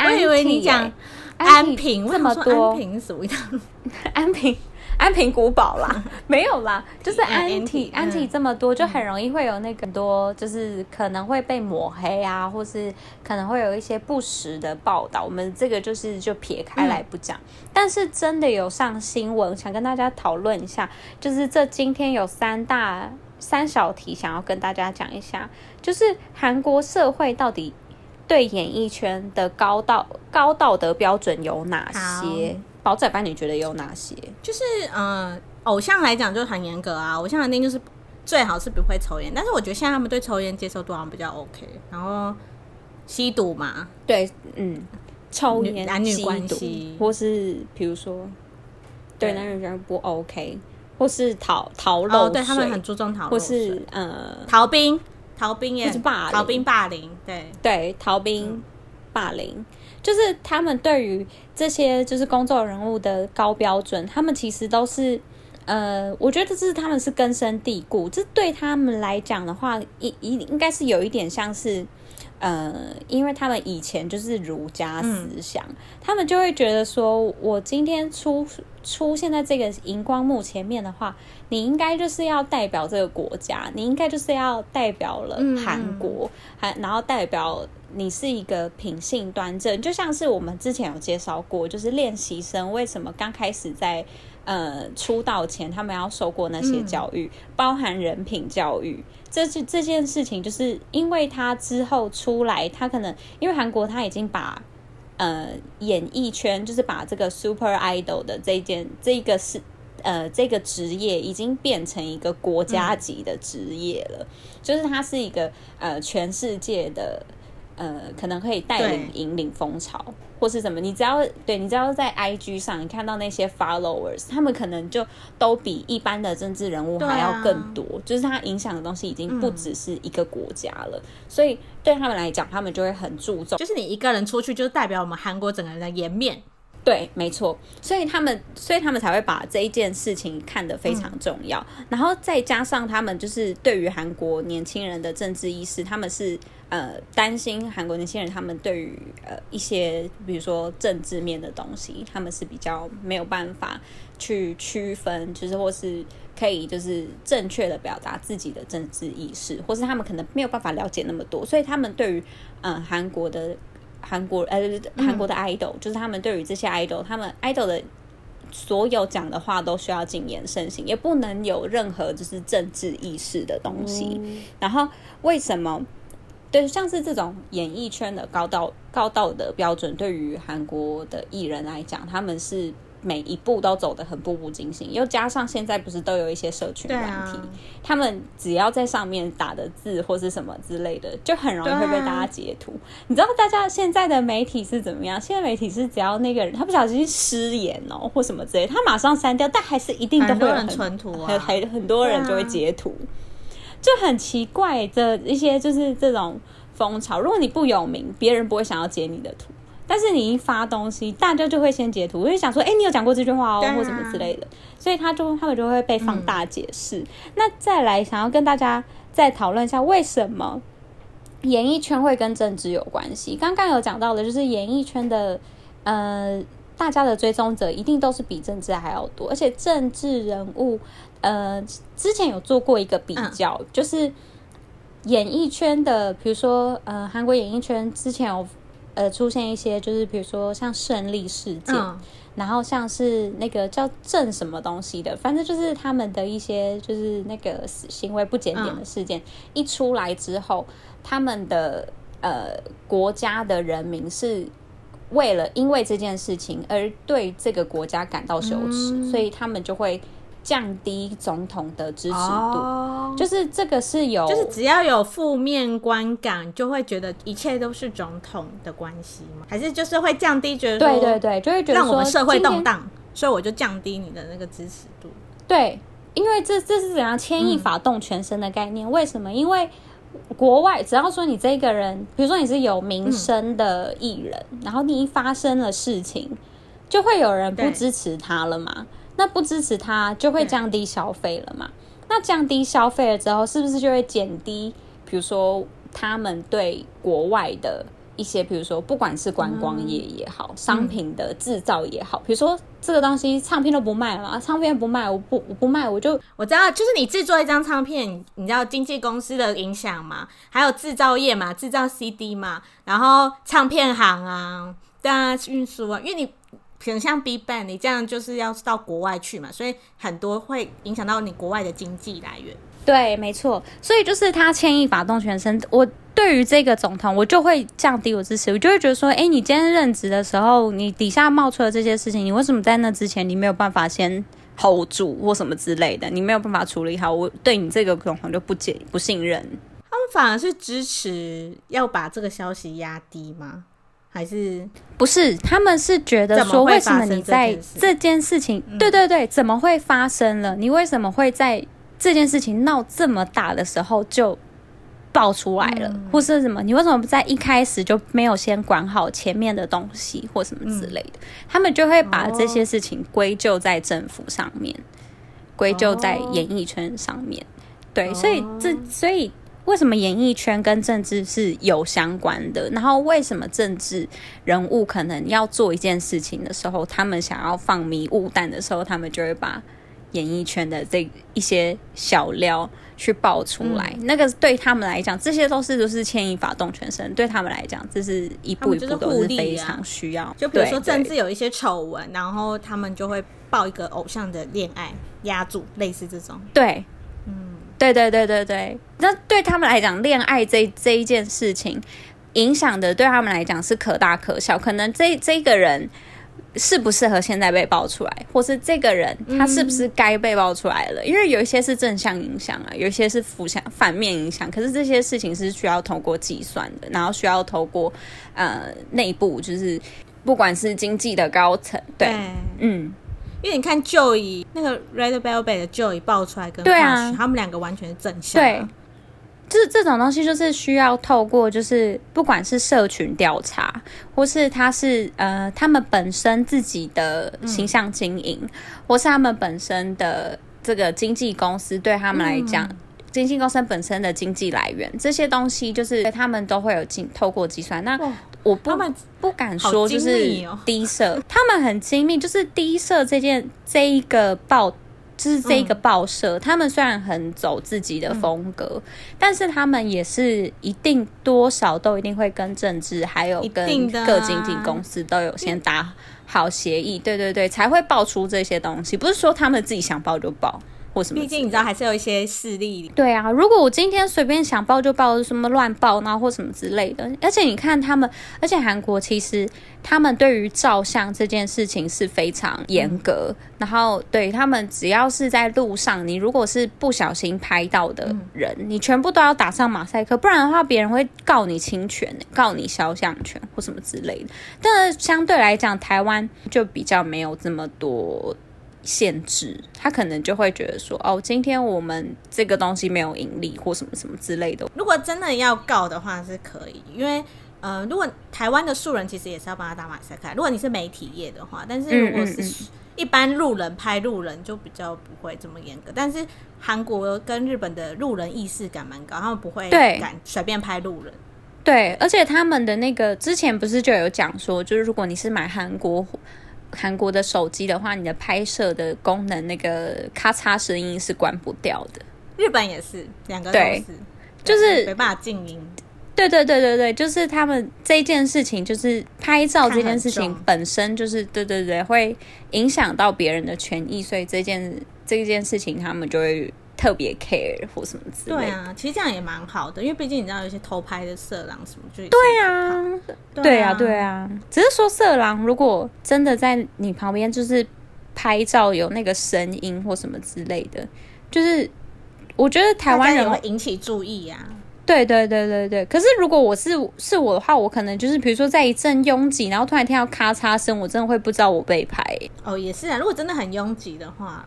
我以為你講安平，這麼多，安平什麼樣？ 安平，安平古堡啦，沒有啦，體 就是安，安體安體這麼多，嗯、就很容易會有那個多，就是可能會被抹黑啊，嗯、或是可能會有一些不實的報道。我們這個就是就撇開來不講，嗯、但是真的有上新聞，想跟大家討論一下，就是這今天有三大三小題，想要跟大家講一下，就是韓國社會到底。對演藝圈的高道高道德標準有哪些？寶仔好班，你覺得有哪些？就是嗯、呃，偶像來講就很嚴格啊。偶像肯定就是最好是不會抽煙，但是我覺得現在他們對抽煙接受度好像比較 OK。然後吸毒嘛，對，嗯，抽煙、男女關係、吸毒，或是比如說，對、對男人不 OK，或是逃逃漏，哦，對他們很注重逃漏，或是呃逃兵。逃兵也是霸，逃兵霸凌，對對，逃兵、嗯、霸凌，就是他們對於這些就是公眾人物的高標準，他們其實都是，呃、我覺得這是他們是根深蒂固，這對他們來講的話，一一應該是有一點像是、呃，因為他們以前就是儒家思想，嗯、他們就會覺得說我今天出。出現在這個熒光幕前面的話，你應該就是要代表這個國家，你應該就是要代表了韓國，還、嗯嗯、然後代表你是一個品性端正，就像是我們之前有介紹過，就是練習生為什麼剛開始在呃出道前他們要受過那些教育？嗯、包含人品教育，這這這件事情就是因為他之後出來，他可能因為韓國他已經把。呃，演藝圈就是把這個 Super Idol 的這件這個事呃這個職業，已經變成一個國家級的職業了，嗯、就是它是一個呃全世界的呃可能可以帶領對引領風潮。或是什麼？你只要對你只要在 IG 上你看到那些 followers，他們可能就都比一般的政治人物還要更多，啊、就是他影響的東西已經不只是一個國家了。嗯、所以對他們來講，他們就會很注重，就是你一個人出去，就代表我們韓國整個人的顏面。對，沒錯，所以他們，所以他們才會把這一件事情看得非常重要。嗯、然後再加上他們，就是對於韓國年輕人的政治意識，他們是呃擔心韓國年輕人他們對於呃一些比如說政治面的東西，他們是比較沒有辦法去區分，就是或是可以就是正確的表達自己的政治意識，或是他們可能沒有辦法了解那麼多，所以他們對於嗯韓國的。韓國呃，韓國的 idol，嗯、就是他們對於這些 idol，他們 idol 的所有講的話都需要謹言慎行，也不能有任何就是政治意識的東西。嗯、然後為什麼對像是這種演藝圈的高道高道的標準，對於韓國的藝人來講，他們是？每一步都走得很步步驚心，又加上現在不是都有一些社群軟體，啊、他們只要在上面打的字或是什麼之類的，就很容易會被大家截圖。啊、你知道大家現在的媒體是怎麼樣？現在媒體是只要那個人他不小心失言哦、喔，或什麼之類，他馬上刪掉，但還是一定都會有很多人傳圖啊，還很多人就會截圖，啊、就很奇怪的一些就是這種風潮。如果你不有名，別人不會想要截你的圖。但是你一發東西，大家就會先截圖，我就想說，哎、欸，你有講過這句話哦，啊、或什麼之類的，所以他就他們就會被放大解釋。嗯、那再來想要跟大家再討論一下，為什麼演藝圈會跟政治有關係？剛剛有講到的，就是演藝圈的，呃，大家的追蹤者一定都是比政治還要多，而且政治人物，呃，之前有做過一個比較，嗯、就是演藝圈的，比如說，呃，韓國演藝圈之前有。呃，出現一些就是比如說像勝利事件，嗯、然後像是那個叫鄭什麼東西的，反正就是他們的一些就是那個行為不檢點的事件，嗯、一出來之後，他們的呃國家的人民是為了因為這件事情而對這個國家感到羞恥，嗯、所以他們就會。降低總統的支持度，oh, 就是這個是有，就是只要有負面觀感，就會覺得一切都是總統的關係嗎？還是就是會降低，覺得對對對，就會覺得讓我們社會動盪，天所以我就降低你的那個支持度。對，因為這這是怎樣“牽一髮動全身”的概念？嗯、為什麼？因為國外只要說你這個人，比如說你是有名聲的藝人，嗯、然後你一發生了事情，就會有人不支持他了嘛。那不支持他，就會降低消費了嘛？對那降低消費了之後，是不是就會減低？比如說，他們對國外的一些，比如說，不管是觀光業也好，嗯、商品的制造也好，嗯、比如說這個東西唱片都不賣了啊，唱片不賣，我不我不賣，我就我知道，就是你制作一張唱片，你知道經紀公司的影響嘛？還有制造業嘛，制造 CD 嘛，然後唱片行啊，對啊，運輸啊，因為你。可能像 Big Bang 你這樣就是要到國外去嘛，所以很多會影響到你國外的經濟來源。對，沒錯，所以就是他牽一髮動全身。我對於這個總統，我就會降低我支持，我就會覺得說，哎、欸，你今天任職的時候，你底下冒出了這些事情，你為什麼在那之前你沒有辦法先 hold 住或什麼之類的，你沒有辦法處理好，我對你這個總統就不解不信任。他們反而是支持要把這個消息壓低嗎？還是不是？他們是覺得說，為什麼你在這件事情？對對對，怎麼會發生了？你為什麼會在這件事情鬧這麼大的時候就爆出來了，或是什麼？你為什麼在一開始就沒有先管好前面的東西，或什麼之類的？他們就會把這些事情歸咎在政府上面，歸咎在演藝圈上面。對，所以這，所以。為什麼演藝圈跟政治是有相關的？然後為什麼政治人物可能要做一件事情的時候，他們想要放迷霧彈的時候，他們就會把演藝圈的這一些小料去爆出來？嗯、那個對他們來講，這些都是都、就是牽一髮動全身。對他們來講，這是一步一步都是非常需要。就，啊、就比如說政治有一些醜聞，然後他們就會爆一個偶像的戀愛，壓住類似這種。對。對對對對對，那對他們來講，戀愛這這一件事情，影響的對他們來講是可大可小。可能這這個人適不適合現在被爆出來，或是這個人他是不是該被爆出來了？嗯，因為有一些是正向影響啊，有一些是負向反面影響。可是這些事情是需要透過計算的，然後需要透過呃內部，就是不管是經濟的高層，對，嗯。嗯因為你看，Joy 那個 Red Velvet 的 Joy 爆出來跟 ash,、啊、他們兩個完全正向。對，就是這種東西就是需要透過，就是不管是社群調查，或是他是呃他們本身自己的形象經營，嗯、或是他們本身的這個經紀公司，對他們來講。嗯經紀公司本身的經濟來源這些東西，就是他們都會有經透過計算。那我不、哦、不敢說就是 D 社，他們很精密，就是 D 社這件這一個報，就是這一個報社，嗯、他們雖然很走自己的風格，嗯、但是他們也是一定多少都一定會跟政治還有跟各經紀公司都有先打好協議，嗯、對對對，才會爆出這些東西，不是說他們自己想爆就爆。或什麼畢竟你知道，還是有一些勢力。對啊，如果我今天隨便想報就報，什麼亂報然後，或什麼之類的。而且你看他們，而且韓國其實他們對於照相這件事情是非常嚴格。嗯、然後對他們，只要是在路上，你如果是不小心拍到的人，嗯、你全部都要打上馬賽克，不然的話別人會告你侵權，告你肖像權或什麼之類的。但是相對來講，台灣就比較沒有這麼多。限制，他可能就會覺得說，哦，今天我們這個東西沒有盈利或什麼什麼之類的。如果真的要告的話是可以，因為呃，如果台灣的素人其實也是要幫他打馬賽克，如果你是媒體業的話。但是如果是一般路人拍路人就比較不會這麼嚴格。嗯嗯嗯。但是韓國跟日本的路人意識感蠻高，他們不會敢隨便拍路人。對。對，而且他們的那個之前不是就有講說，就是如果你是買韓國。韓國的手機的話，你的拍攝的功能，那個咔嚓聲音是關不掉的。日本也是兩個都是，對對就是沒辦法靜音。對對對對對，就是他們這件事情，就是拍照這件事情本身就是對對對，對，會影響到別人的權益，所以這件這件事情他們就會。特別 care 或什麼之類。對啊，其實這樣也蠻好的，因為畢竟你知道有一些偷拍的色狼什麼就。對啊，對啊，對啊。只是說色狼如果真的在你旁邊，就是拍照有那個聲音或什麼之類的，就是我覺得台灣人會引起注意啊。對對對對對。可是如果我是是我的話，我可能就是比如說在一陣擁擠，然後突然聽到咔嚓聲，我真的會不知道我被拍。哦，也是啊，如果真的很擁擠的話。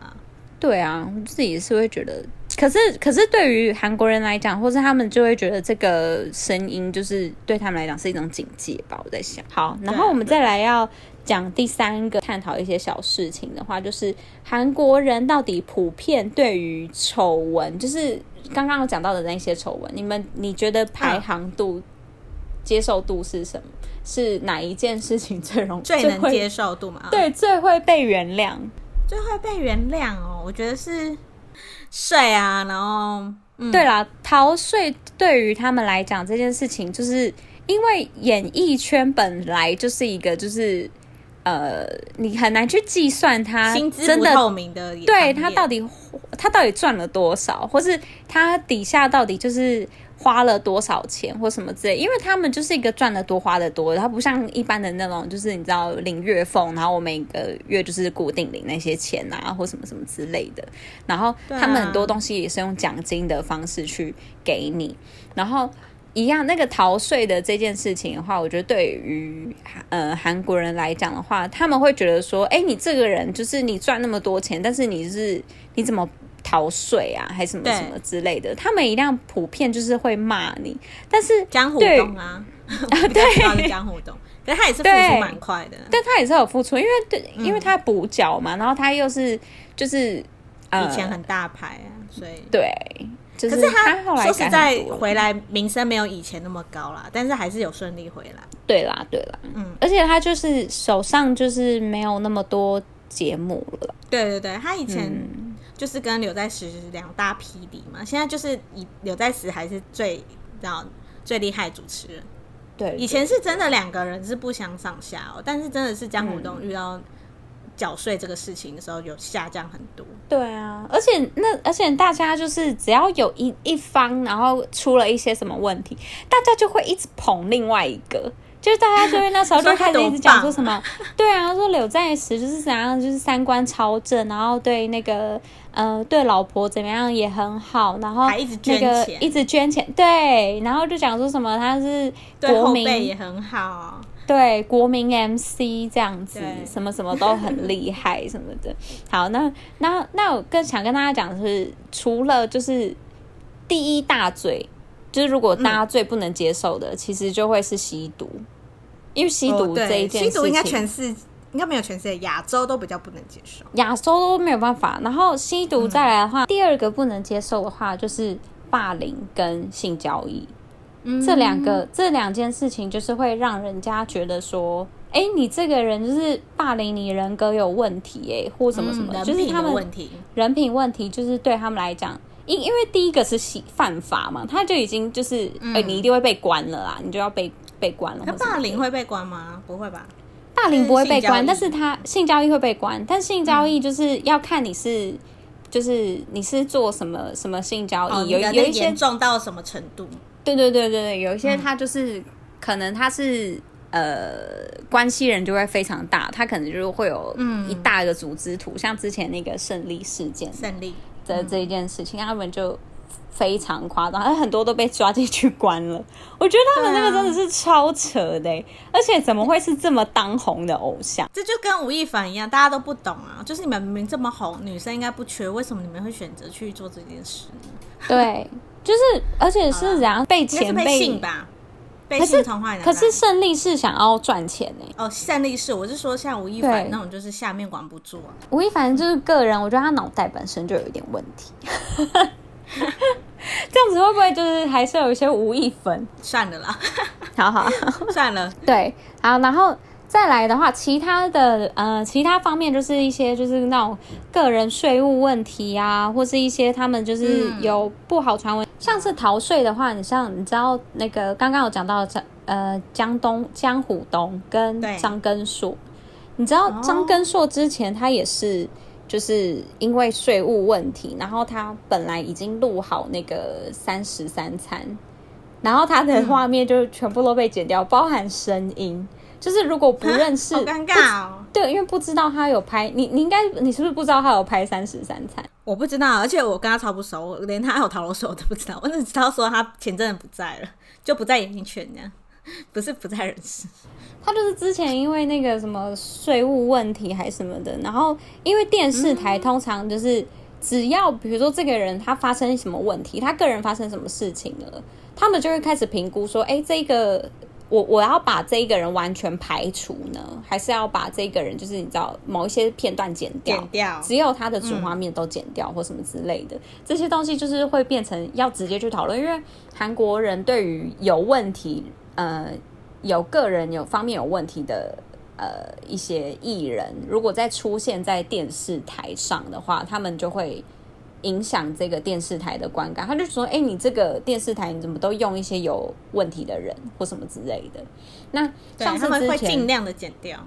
對啊，我自己是會覺得，可是可是對於韓國人來講，或是他們就會覺得這個聲音就是對他們來講是一種警戒吧。我在想，好，然後我們再來要講第三個，探討一些小事情的話，就是韓國人到底普遍對於醜聞，就是剛剛我講到的那些醜聞，你們你覺得排行度、啊、接受度是什麼？是哪一件事情最容、最能接受度嗎？對，最會被原諒，最會被原諒哦。我覺得是稅啊，然後、嗯、對啦，逃稅對於他們來講這件事情，就是因為演藝圈本來就是一個就是呃，你很難去計算他薪資不透明的，對他到底他到底賺了多少，或是他底下到底就是。花了多少錢或什麼之類，因為他們就是一個賺的多花的多，他不像一般的那種，就是你知道領月俸，然後我每個月就是固定領那些錢啊，或什麼什麼之類的。然後、啊、他們很多東西也是用獎金的方式去給你。然後一樣，那個逃稅的這件事情的話，我覺得對於呃韓國人來講的話，他們會覺得說，哎、欸，你這個人就是你賺那麼多錢，但是你、就是你怎麼？逃稅啊，還什麼什麼之類的，對他們一樣普遍就是會罵你。但是江湖董啊，對 江湖董，但對他也是付出蠻快的對，但他也是有付出，因為對，嗯、因為他補繳嘛，然後他又是就是、呃、以前很大牌啊，所以對，可、就是他後來是他說實在回來名聲沒有以前那麼高啦，但是還是有順利回來。對啦，對啦，嗯，而且他就是手上就是沒有那麼多節目了。對對對，他以前、嗯。就是跟劉在石兩大匹敵嘛，現在就是以劉在石還是最然後最厲害的主持人，對，對，以前是真的兩個人是不相上下哦，但是真的是姜虎東遇到繳稅這個事情的時候，有下降很多。嗯、對啊，而且那而且大家就是只要有一一方，然後出了一些什麼問題，大家就會一直捧另外一個。就是大家就會那時候就開始一直講說什麼，對啊，說劉在錫就是怎樣，就是三觀超正，然後對那個呃對老婆怎麼樣也很好，然後還一直捐錢，一直捐錢，對，然後就講說什麼他是國民也很好，對，國民 MC 這樣子，什麼什麼都很厲害什麼的。好，那那那我更想跟大家講的是，除了就是第一大罪，就是如果大家最不能接受的，其實就會是吸毒。嗯嗯因為吸毒這一件事，吸毒應該全世應該沒有全世界，亞洲都比較不能接受，亞洲都沒有辦法。然後吸毒再來的話，第二個不能接受的話就是霸凌跟性交易，這兩個這兩件事情就是會讓人家覺得說，哎，你這個人就是霸凌，你人格有問題，哎，或什麼什麼的，就是他們人品問題，就是對他們來講，因因為第一個是犯法嘛，他就已經就是，哎，你一定會被關了啦，你就要被。被關了？那霸凌會被關嗎？不會吧，霸凌不會被關，但是他性交易會被關。但，性交，關但性交易，就是要看你是，就是你是做什麼什麼性交易，有有一些重到什麼程度？對對對對對，對，有一些他就是可能他是呃關係人就會非常大，他可能就是會有一大個組織圖，像之前那個勝利事件，勝利的這一件事情，他們就。非常誇張，還很多都被抓進去關了。我覺得他們那個真的是超扯的、欸，啊、而且怎麼會是這麼當紅的偶像？這就跟吳亦凡一樣，大家都不懂啊。就是你們明明這麼紅，女生應該不缺，為什麼你們會選擇去做這件事呢？對，就是而且是怎樣啦被前輩性吧？被性化可，是可是勝利是想要賺錢呢、欸。哦，勝利是我是說像吳亦凡對那種，就是下面管不住啊。吳亦凡就是個人，我覺得他腦袋本身就有一點問題。 這樣子會不會就是還是有一些無意粉？算了啦，好好算了。 對，好，然後再來的話，其他的呃，其他方面就是一些就是那種個人稅務問題啊，或是一些他們就是有不好傳聞，像是、嗯、逃稅的話，你像你知道那個剛剛有講到呃姜東姜虎東跟張根碩，對你知道張根碩之前他也是。哦就是因為稅務問題，然後他本來已經錄好那個三食三餐，然後他的畫面就全部都被剪掉，嗯、包含聲音。就是如果不認識，啊、好尷尬哦。對，因為不知道他有拍你，你應該你是不是不知道他有拍三食三餐？我不知道，而且我跟他超不熟，連他有逃了稅我都不知道，我只知道說他前陣子不在了，就不在演藝圈這樣，不是不在人世。他就是之前因為那個什麼稅務問題還什麼的，然後因為電視台通常就是只要比如說這個人他發生什麼問題，嗯、他個人發生什麼事情了，他們就會開始評估說，哎、欸，這個我我要把這一個人完全排除呢，還是要把這個人就是你知道某一些片段剪掉，剪掉只有他的主畫面都剪掉或什麼之類的，嗯、這些東西就是會變成要直接去討論，因為韓國人對於有問題，呃。有個人有方面有問題的，呃，一些藝人，如果再出現在電視台上的話，他們就會影響這個電視台的觀感。他就說：“誒、欸，你這個電視台你怎麼都用一些有問題的人或什麼之類的？”那像他們會盡量的剪掉。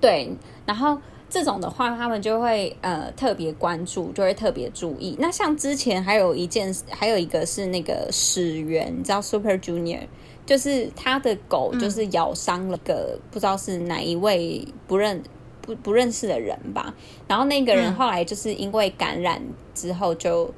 對，然後這種的話，他們就會呃特別關注，就會特別注意。那像之前還有一件，還有一個是那個始源，你知道 Super Junior。就是他的狗，就是咬傷了個不知道是哪一位不認不不認識的人吧，然後那個人後來就是因為感染之後就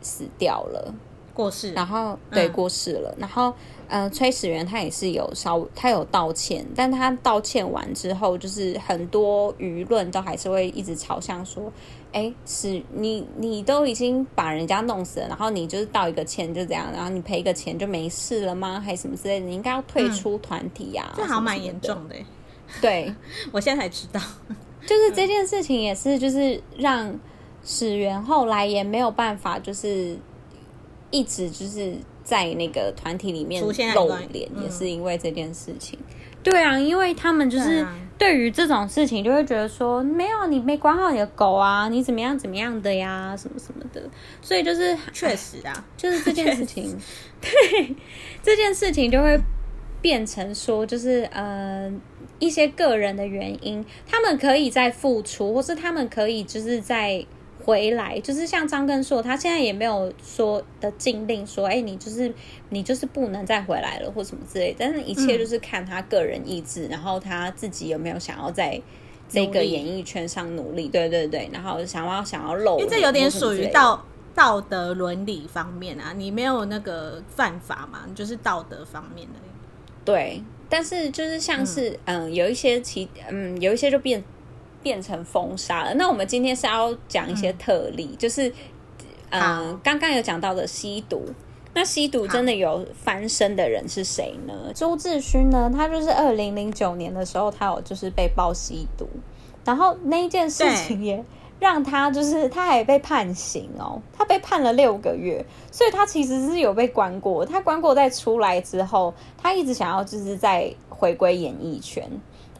死掉了。過世，然後對、嗯、過世了，然後嗯、呃，崔始源他也是有稍，他有道歉，但他道歉完之後，就是很多輿論都還是會一直嘲笑說，哎，始源，你你都已經把人家弄死了，然後你就是道一個歉就這樣，然後你賠一個錢就沒事了嗎？還是什麼之類的，你應該要退出團體呀，這還蠻嚴重的。對，我現在才知道，就是這件事情也是就是讓始源後來也沒有辦法就是。一直就是在那個團體裡面露臉，也是因為這件事情。對啊，因為他們就是對於這種事情，就會覺得說，沒有，你沒管好你的狗啊，你怎麼樣怎麼樣的呀，什麼什麼的。所以就是確實啊，就是這件事情，對這件事情就會變成說，就是呃一些個人的原因，他們可以在付出，或是他們可以就是在。回來就是像張根碩，他現在也沒有說的禁令說，說、欸、誒你就是你就是不能再回來了或什麼之類。但是一切就是看他個人意志，嗯、然後他自己有沒有想要在這個演藝圈上努力，努力對對對。然後想要想要露，這有點屬於道道德倫理方面啊，你沒有那個犯法嘛，就是道德方面的。對，但是就是像是嗯，嗯，有一些其嗯，有一些就變。變成封殺了。那我們今天是要講一些特例，嗯、就是，嗯、呃，好剛剛有講到的吸毒。那吸毒真的有翻身的人是誰呢？朱好智勳呢？他就是二零零九年的時候，他有就是被爆吸毒，然後那一件事情也讓他就是他還被判刑哦，他被判了六個月，所以他其實是有被關過。他關過再出來之後，他一直想要就是再回歸演藝圈。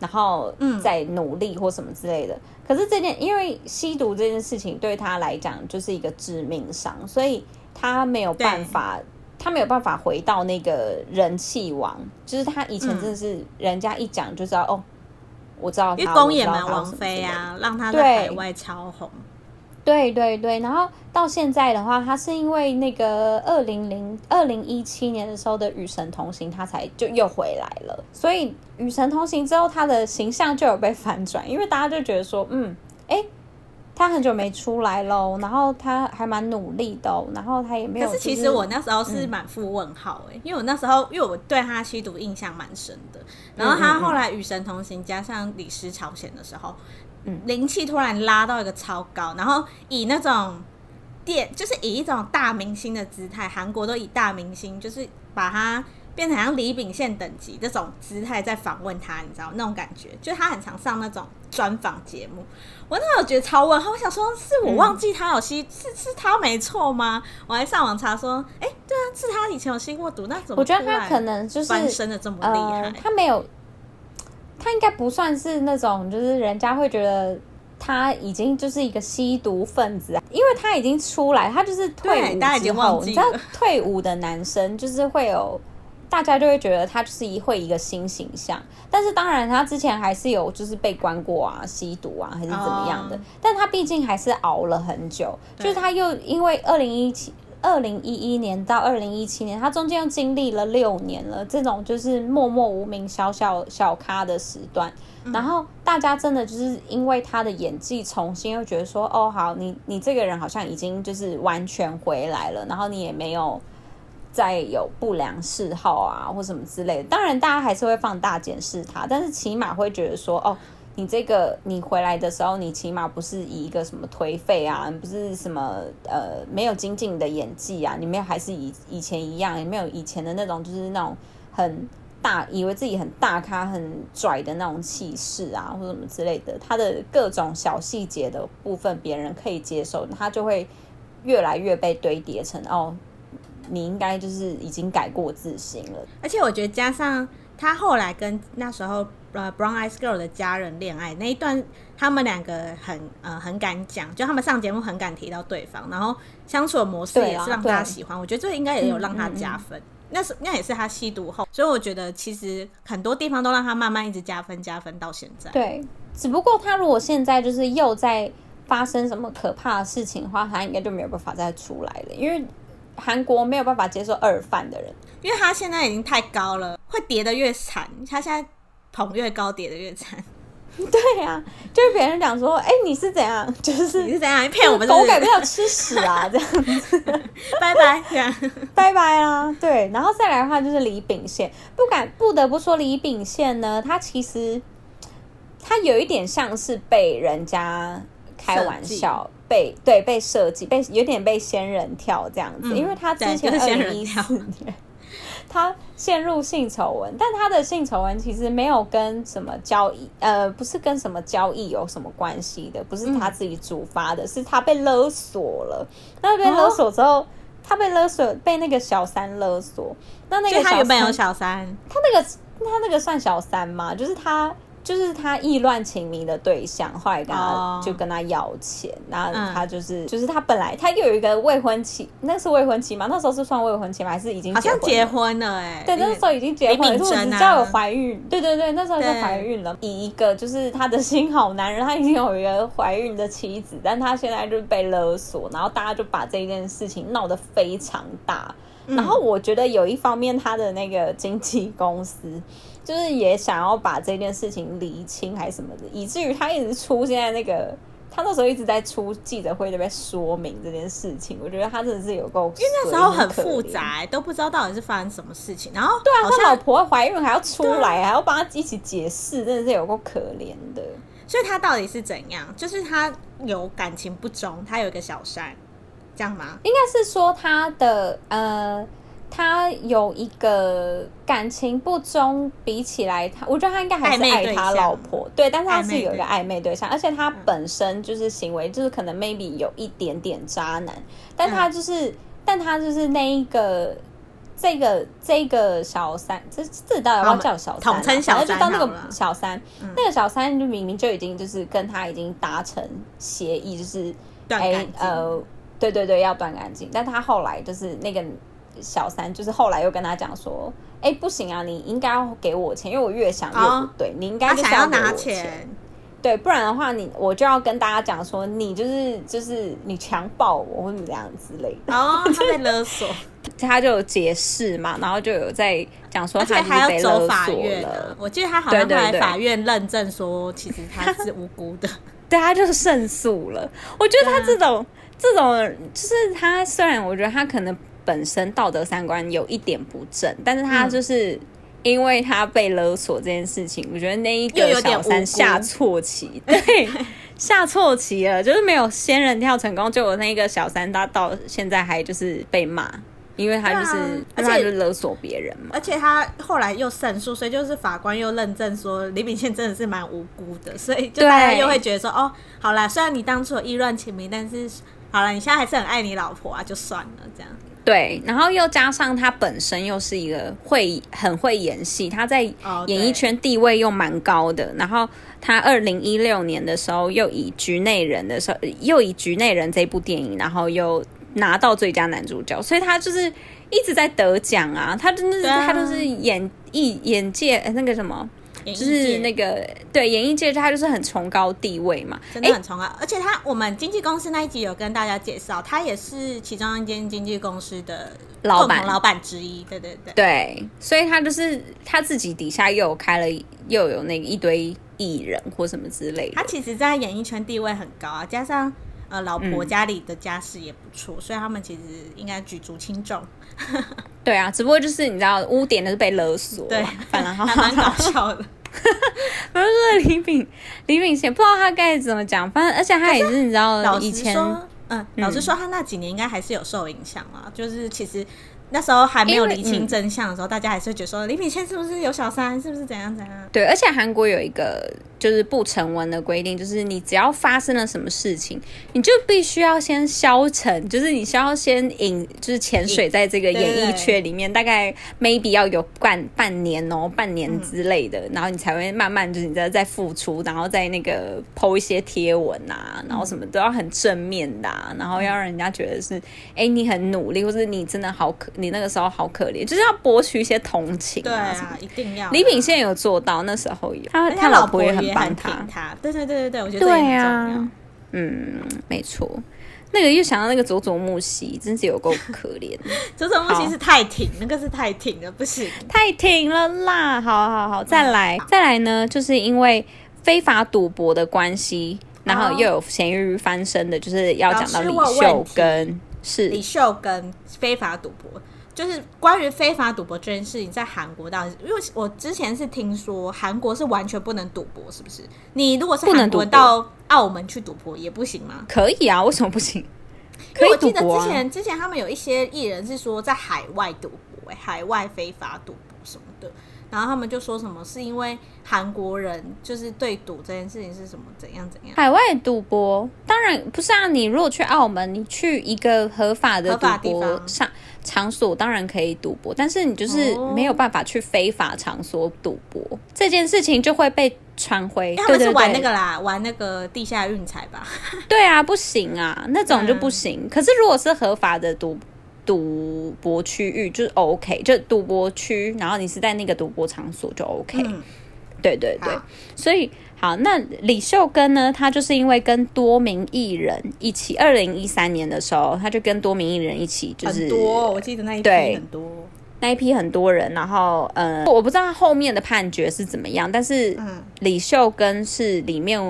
然後，嗯，在努力或什麼之類的。嗯、可是這件，因為吸毒這件事情對他來講就是一個致命傷，所以他沒有辦法，對他沒有辦法回到那個人氣王，就是他以前真的是人家一講就知道、嗯、哦，我知道他，知道他宮野蠻王妃啊，讓他在海外超紅。對對對，然後到現在的話，他是因為那個二零零，二零一七年的時候的《與神同行》，他才就又回來了。所以《與神同行》之後，他的形象就有被反轉，因為大家就覺得說，嗯，哎，他很久沒出來咯。然後他還蠻努力的、哦，然後他也沒有、就是。可是其實我那時候是滿腹問號，哎、嗯，因為我那時候，因為我對他吸毒印象蠻深的。然後他後來《與神同行》加上《李屍朝鮮》的時候。靈氣突然拉到一個超高，然後以那種電，就是以一種大明星的姿態，韓國都以大明星，就是把他變成像李秉憲等級這種姿態在訪問他，你知道那種感覺，就他很常上那種專訪節目。我那時候覺得超問，我想說是我忘記他有吸，嗯、是是他沒錯嗎？我還上網查說，哎、欸，對啊，是他以前有吸過毒，那怎麼辦，我覺得他可能就是翻身的這麼厲害，他沒有。他應該不算是那種，就是人家會覺得他已經就是一個吸毒分子，因為他已經出來，他就是退伍之後，你知道，退伍的男生就是會有，大家就會覺得他就是一會一個新形象。但是當然，他之前還是有就是被關過啊，吸毒啊，還是怎麼樣的。Oh. 但他畢竟還是熬了很久，對就是他又因為二零一七。二零一一年到二零一七年，他中間又經歷了六年了，這種就是默默無名、小小小咖的時段。嗯、然後大家真的就是因為他的演技重新又覺得說，哦，好，你你這個人好像已經就是完全回來了，然後你也沒有再有不良嗜好啊，或什麼之類的。當然，大家還是會放大檢視他，但是起碼會覺得說，哦。你這個，你回來的時候，你起碼不是以一個什麼頹廢啊，不是什麼呃沒有精進的演技啊，你沒有還是以以前一樣，也沒有以前的那種就是那種很大以為自己很大咖很拽的那種氣勢啊，或者什麼之類的，他的各種小細節的部分別人可以接受，他就會越來越被堆疊成哦，你應該就是已經改過自新了。而且我覺得加上他後來跟那時候。呃，Brown Eyes Girl 的家人戀愛那一段，他們兩個很呃，很敢講，就他們上節目很敢提到對方，然後相處的模式也是讓大家喜歡。啊、我覺得這應該也有讓他加分，嗯嗯嗯，那是那也是他吸毒後，所以我覺得其實很多地方都讓他慢慢一直加分加分到現在。對，只不過他如果現在就是又在發生什麼可怕的事情的話，他應該就沒有辦法再出來了，因為韓國沒有辦法接受二犯的人，因為他現在已經太高了，會跌得越慘。他現在。捧越高跌的越慘， 對呀、啊，就是別人講說，哎、欸，你是怎樣，就是你是怎樣騙我們是是， 狗改不了吃屎啊，這樣子，拜拜，拜拜啊，對，然後再來的話就是李炳憲，不敢不得不說李炳憲呢，他其實他有一點像是被人家開玩笑，設計被對被設計，被，被有點被仙人跳這樣子，嗯、因為他之前、就是仙他陷入性醜聞，但他的性醜聞其實沒有跟什麼交易，呃，不是跟什麼交易有什麼關係的，不是他自己主發的，嗯、是他被勒索了。那他被勒索之後，哦、他被勒索，被那個小三勒索。那那個小三，他原本有小三，他那個他那個算小三嗎？就是他。就是他意亂情迷的對象，後來跟他就跟他要錢，哦、然後他就是、嗯、就是他本來他又有一個未婚妻，那是未婚妻嗎？那時候是算未婚妻嗎？還是已經了好像結婚了、欸？哎，對，那時候已經結婚了，而且、啊、我有懷孕。對對對，那時候是懷孕了。對以一個就是他的新好男人，他已經有一個懷孕的妻子，但他現在就被勒索，然後大家就把這件事情鬧得非常大。嗯、然後我覺得有一方面，他的那個經紀公司。就是也想要把這件事情理清還是什麼的，以至於他一直出現在那個他那時候一直在出記者會那邊說明這件事情。我覺得他真的是有夠，因為那時候很複雜、欸，都不知道到底是發生什麼事情。然後對啊，好像他老婆懷孕還要出來，對還要幫他一起解釋，真的是有夠可憐的。所以他到底是怎樣？就是他有感情不忠，他有一個小三，這樣嗎？應該是說他的呃。他有一個感情不忠，比起來他，我覺得他應該還是愛他老婆。對，對，但是他是有一個曖昧對象，對象，而且他本身就是行為就是可能 maybe 有一點點渣男，嗯、但他就是但他就是那一個這個這個小三，這這到底要不要叫小三？啊，小三，反正就當那個小三，嗯、那個小三就明明就已經就是跟他已經達成協議，就是斷乾淨，呃，對對對，要斷乾淨，但他後來就是那個。小三就是後來又跟他講說，哎、欸，不行啊，你應該要給我錢，因為我越想越不對，oh, 你應該想要拿錢，對，不然的話你我就要跟大家講說，你就是就是你強暴我或者怎樣之類的。哦，oh, 他在勒索， 他就解釋嘛，然後就有在講說他，他還要走法院。我記得他好像後來法院認證說，其實他是無辜的，對,對,對, 對他就是勝訴了。我覺得他這種、啊、這種就是他雖然我覺得他可能。本身道德三觀有一點不正，但是他就是因為他被勒索這件事情，嗯、我覺得那一個小三下錯棋，對， 下錯棋了，就是沒有仙人跳成功。就我那個小三，他到現在還就是被罵，因為他就是而且勒索別人嘛，而且他後來又勝訴，所以就是法官又認證說李秉憲真的是蠻無辜的，所以就大家又會覺得說，對哦，好啦，雖然你當初有意亂情迷，但是好了，你現在還是很愛你老婆啊，就算了這樣。對，然後又加上他本身又是一個會很會演戲，他在演藝圈地位又蠻高的。Oh, 對然後他二零一六年的時候，又以《局內人》的時候，呃、又以《局內人》這部電影，然後又拿到最佳男主角。所以他就是一直在得獎啊！他真、就、的是，啊、他就是演藝眼界那個什麼。就是那個對，演藝界他就是很崇高地位嘛，真的很崇高。欸、而且他我們經紀公司那一集有跟大家介紹，他也是其中一間經紀公司的老闆老闆之一。闆對對對，對，所以他就是他自己底下又有開了又有那一堆藝人或什麼之類的。他其實，在演藝圈地位很高啊，加上。呃、老婆家裡的家世也不錯，嗯、所以他們其實應該舉足輕重。 對啊，只不過就是你知道，污點的是被勒索。對， 反正他蠻搞笑的。不 是李秉，李秉憲不知道他該怎麼講，反正而且他是也是你知道，以前老實說嗯，老實說他那幾年應該還是有受影響啊，嗯、就是其實。那時候還沒有理清真相的時候，為大家還是會覺得說李敏謙是不是有小三，是不是怎樣怎樣？對，而且韓國有一個就是不成文的規定，就是你只要發生了什麼事情，你就必須要先消沉，就是你需要先隱，就是潛水在這個演藝圈裡面，對對對，大概 maybe 要有半半年哦，半年之類的，嗯、然後你才會慢慢就是你在在復出，然後再那個 po 一些貼文吶、啊，然後什麼都要很正面的、啊，然後要讓人家覺得是哎、嗯欸、你很努力，或者你真的好可。你那個時候好可憐，就是要博取一些同情、啊。對啊，麼一定要。李秉憲有做到，那時候有他，他她老婆也很幫他。對對對對對，我覺得這也很重要，對啊，嗯，沒錯。那個又想到那個佐佐木希，真是有夠可憐。 佐佐木希是太挺，好那個是太挺了，不行，太挺了啦！好好好，再來、嗯、再來呢，就是因為非法賭博的關係，然後又有鹹魚翻身的，就是要講到李秀根。是李秀根非法賭博，就是關於非法賭博這件事情，在韓國到底是？因為我之前是聽說韓國是完全不能賭博，是不是？你如果是不能賭博，到澳門去賭博也不行嗎？不？可以啊，為什麼不行？可以賭博、啊、我記得之前之前他們有一些藝人是說在海外賭博、欸，海外非法賭博什麼的。然後他們就說什麼是因為韓國人就是對賭這件事情是什麼怎樣怎樣？海外賭博當然不是啊，你如果去澳門，你去一個合法的賭博場場所，當然可以賭博，但是你就是沒有辦法去非法場所賭博，哦、這件事情就會被傳回。他們是玩那個啦，對對對，玩那個地下運彩吧？對啊，不行啊，那種就不行。嗯、可是如果是合法的賭博。賭博區域就是 OK，就賭博區，然後你是在那個賭博場所就 OK，嗯、對對對，好所以好，那李秀根呢？他就是因為跟多名藝人一起，二零一三年的時候，他就跟多名藝人一起，就是很多、哦，我記得那一批很多，那一批很多人，然後呃，我不知道他後面的判決是怎麼樣，但是李秀根是裡面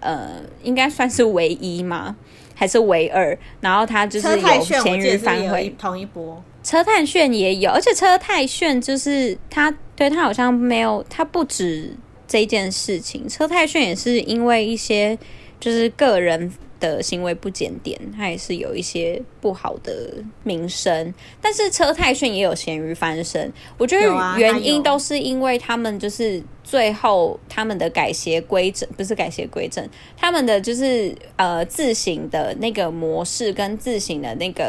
呃，應該算是唯一嘛。還是唯二，然後他就是有鹹魚翻回，一同一波。車太炫也有，而且車太炫就是他，對他好像沒有，他不止這件事情，車太炫也是因為一些就是個人。的行為不檢點，他也是有一些不好的名聲。但是車太鉉也有鹹魚翻身，我覺得原因都是因為他們就是最後他們的改邪歸正，不是改邪歸正，他們的就是呃自行的那個模式跟自行的那個。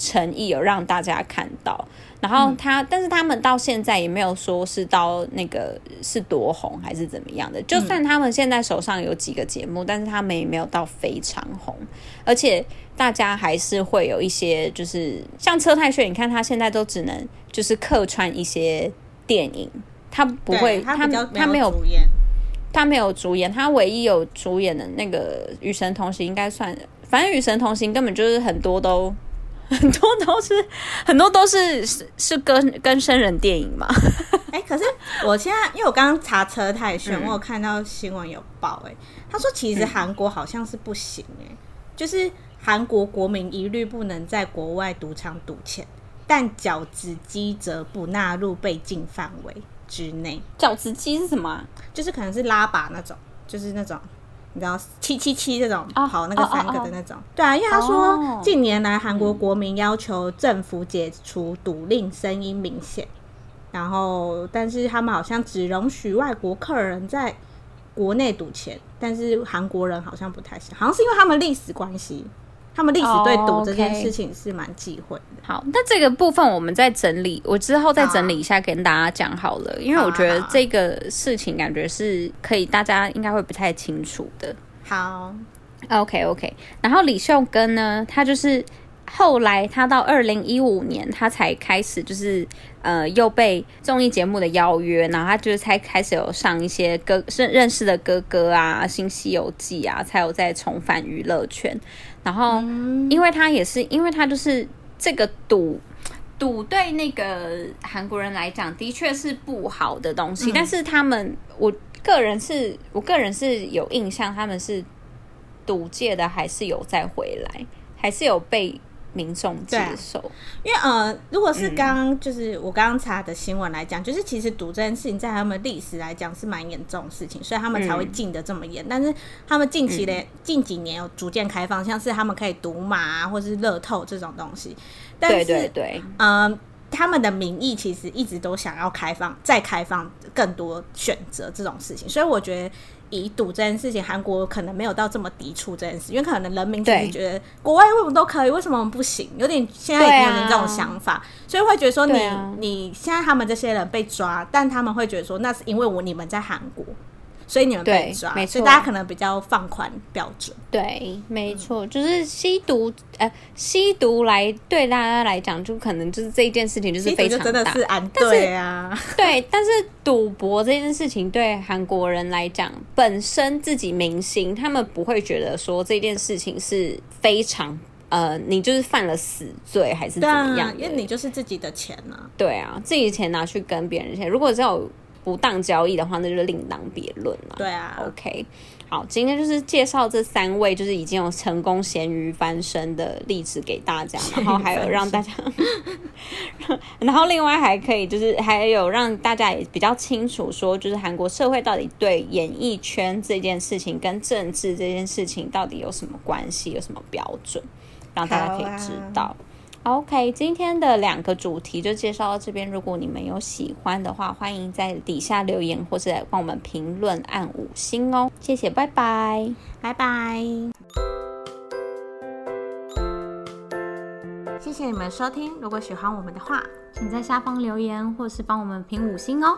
誠意有讓大家看到，然後他，嗯、但是他們到現在也沒有說是到那個是多紅還是怎麼樣的。就算他們現在手上有幾個節目，嗯、但是他們也沒有到非常紅，而且大家還是會有一些，就是像車太鉉，你看他現在都只能就是客串一些電影，他不會，他比較沒有主演，他，他沒有，他沒有主演，他唯一有主演的那個《與神同行》應該算，反正《與神同行》根本就是很多都。 很多都是，很多都是是是跟跟更生人電影嘛。哎、 欸，可是我現在，因為我剛剛查車太鉉，我有看到新聞有報、欸，哎、嗯，他說其實韓國好像是不行、欸，哎、嗯，就是韓國國民一律不能在國外賭場賭錢，但角子機則不納入被禁範圍之內。角子機是什麼？就是可能是拉霸那種，就是那種。你知道七七七這種，好、oh, 那個三個的那種，oh, oh, oh, oh. 對啊，因為他說、oh. 近年來韓國國民要求政府解除賭令聲音明顯，嗯、然後但是他們好像只容許外國客人在國內賭錢，但是韓國人好像不太行，好像是因為他們歷史關係。他們歷史對賭這件事情是蠻忌諱的，oh, okay。好，那這個部分我們再整理，我之後再整理一下跟大家講好了，好啊，因為我覺得這個事情感覺是可以大家應該會不太清楚的。好、啊，OK OK。然後李秀根呢，他就是後來他到二零一五年，他才開始就是呃又被綜藝節目的邀約，然後他就是才開始有上一些哥是認識的哥哥啊，《新西遊記》啊，才有再重返娛樂圈。然後，因為他也是，因為他就是這個賭賭對那個韓國人來講，的確是不好的東西。但是他們，我個人是我個人是有印象，他們是賭界的，還是有再回來，還是有被。民眾接受，因為呃，如果是剛、嗯、就是我剛剛查的新聞來講，就是其實賭這件事情在他們歷史來講是蠻嚴重的事情，所以他們才會禁得這麼嚴。嗯、但是他們近期的、嗯、近幾年有逐漸開放，像是他們可以賭馬啊，或者是樂透這種東西。但是對對對，嗯、呃，他們的民意其實一直都想要開放，再開放更多選擇這種事情，所以我覺得。以賭這件事情，韓國可能沒有到這麼抵觸這件事，因為可能人民只是覺得對國外為什麼都可以，為什麼我們不行？有點現在已經有點這種想法，啊、所以會覺得說你、啊、你現在他們這些人被抓，但他們會覺得說那是因為我你們在韓國。所以你們被抓，對，沒錯，所以大家可能比較放寬標準。對，沒錯，就是吸毒，嗯、呃，吸毒來對大家來講，就可能就是這一件事情就是非常大。真的是，但是啊，對，但是賭博這件事情對韓國人來講， 本身自己明星，他們不會覺得說這件事情是非常呃，你就是犯了死罪還是怎麼樣對、啊？因為你就是自己的錢嘛、啊。對啊，自己的錢拿去跟別人錢。如果只有。不當交易的話，那就是另當別論了。對啊，OK。好，今天就是介紹這三位，就是已經有成功鹹魚翻身的例子給大家，然後還有讓大家， 然後另外還可以就是還有讓大家也比較清楚，說就是韓國社會到底對演藝圈這件事情跟政治這件事情到底有什麼關係，有什麼標準，讓大家可以知道。OK，今天的兩個主題就介紹到這邊。如果你們有喜歡的話，歡迎在底下留言，或是來幫我們評論按五星哦。謝謝，拜拜，拜拜。謝謝你們收聽，如果喜歡我們的話，請在下方留言，或是幫我們評五星哦。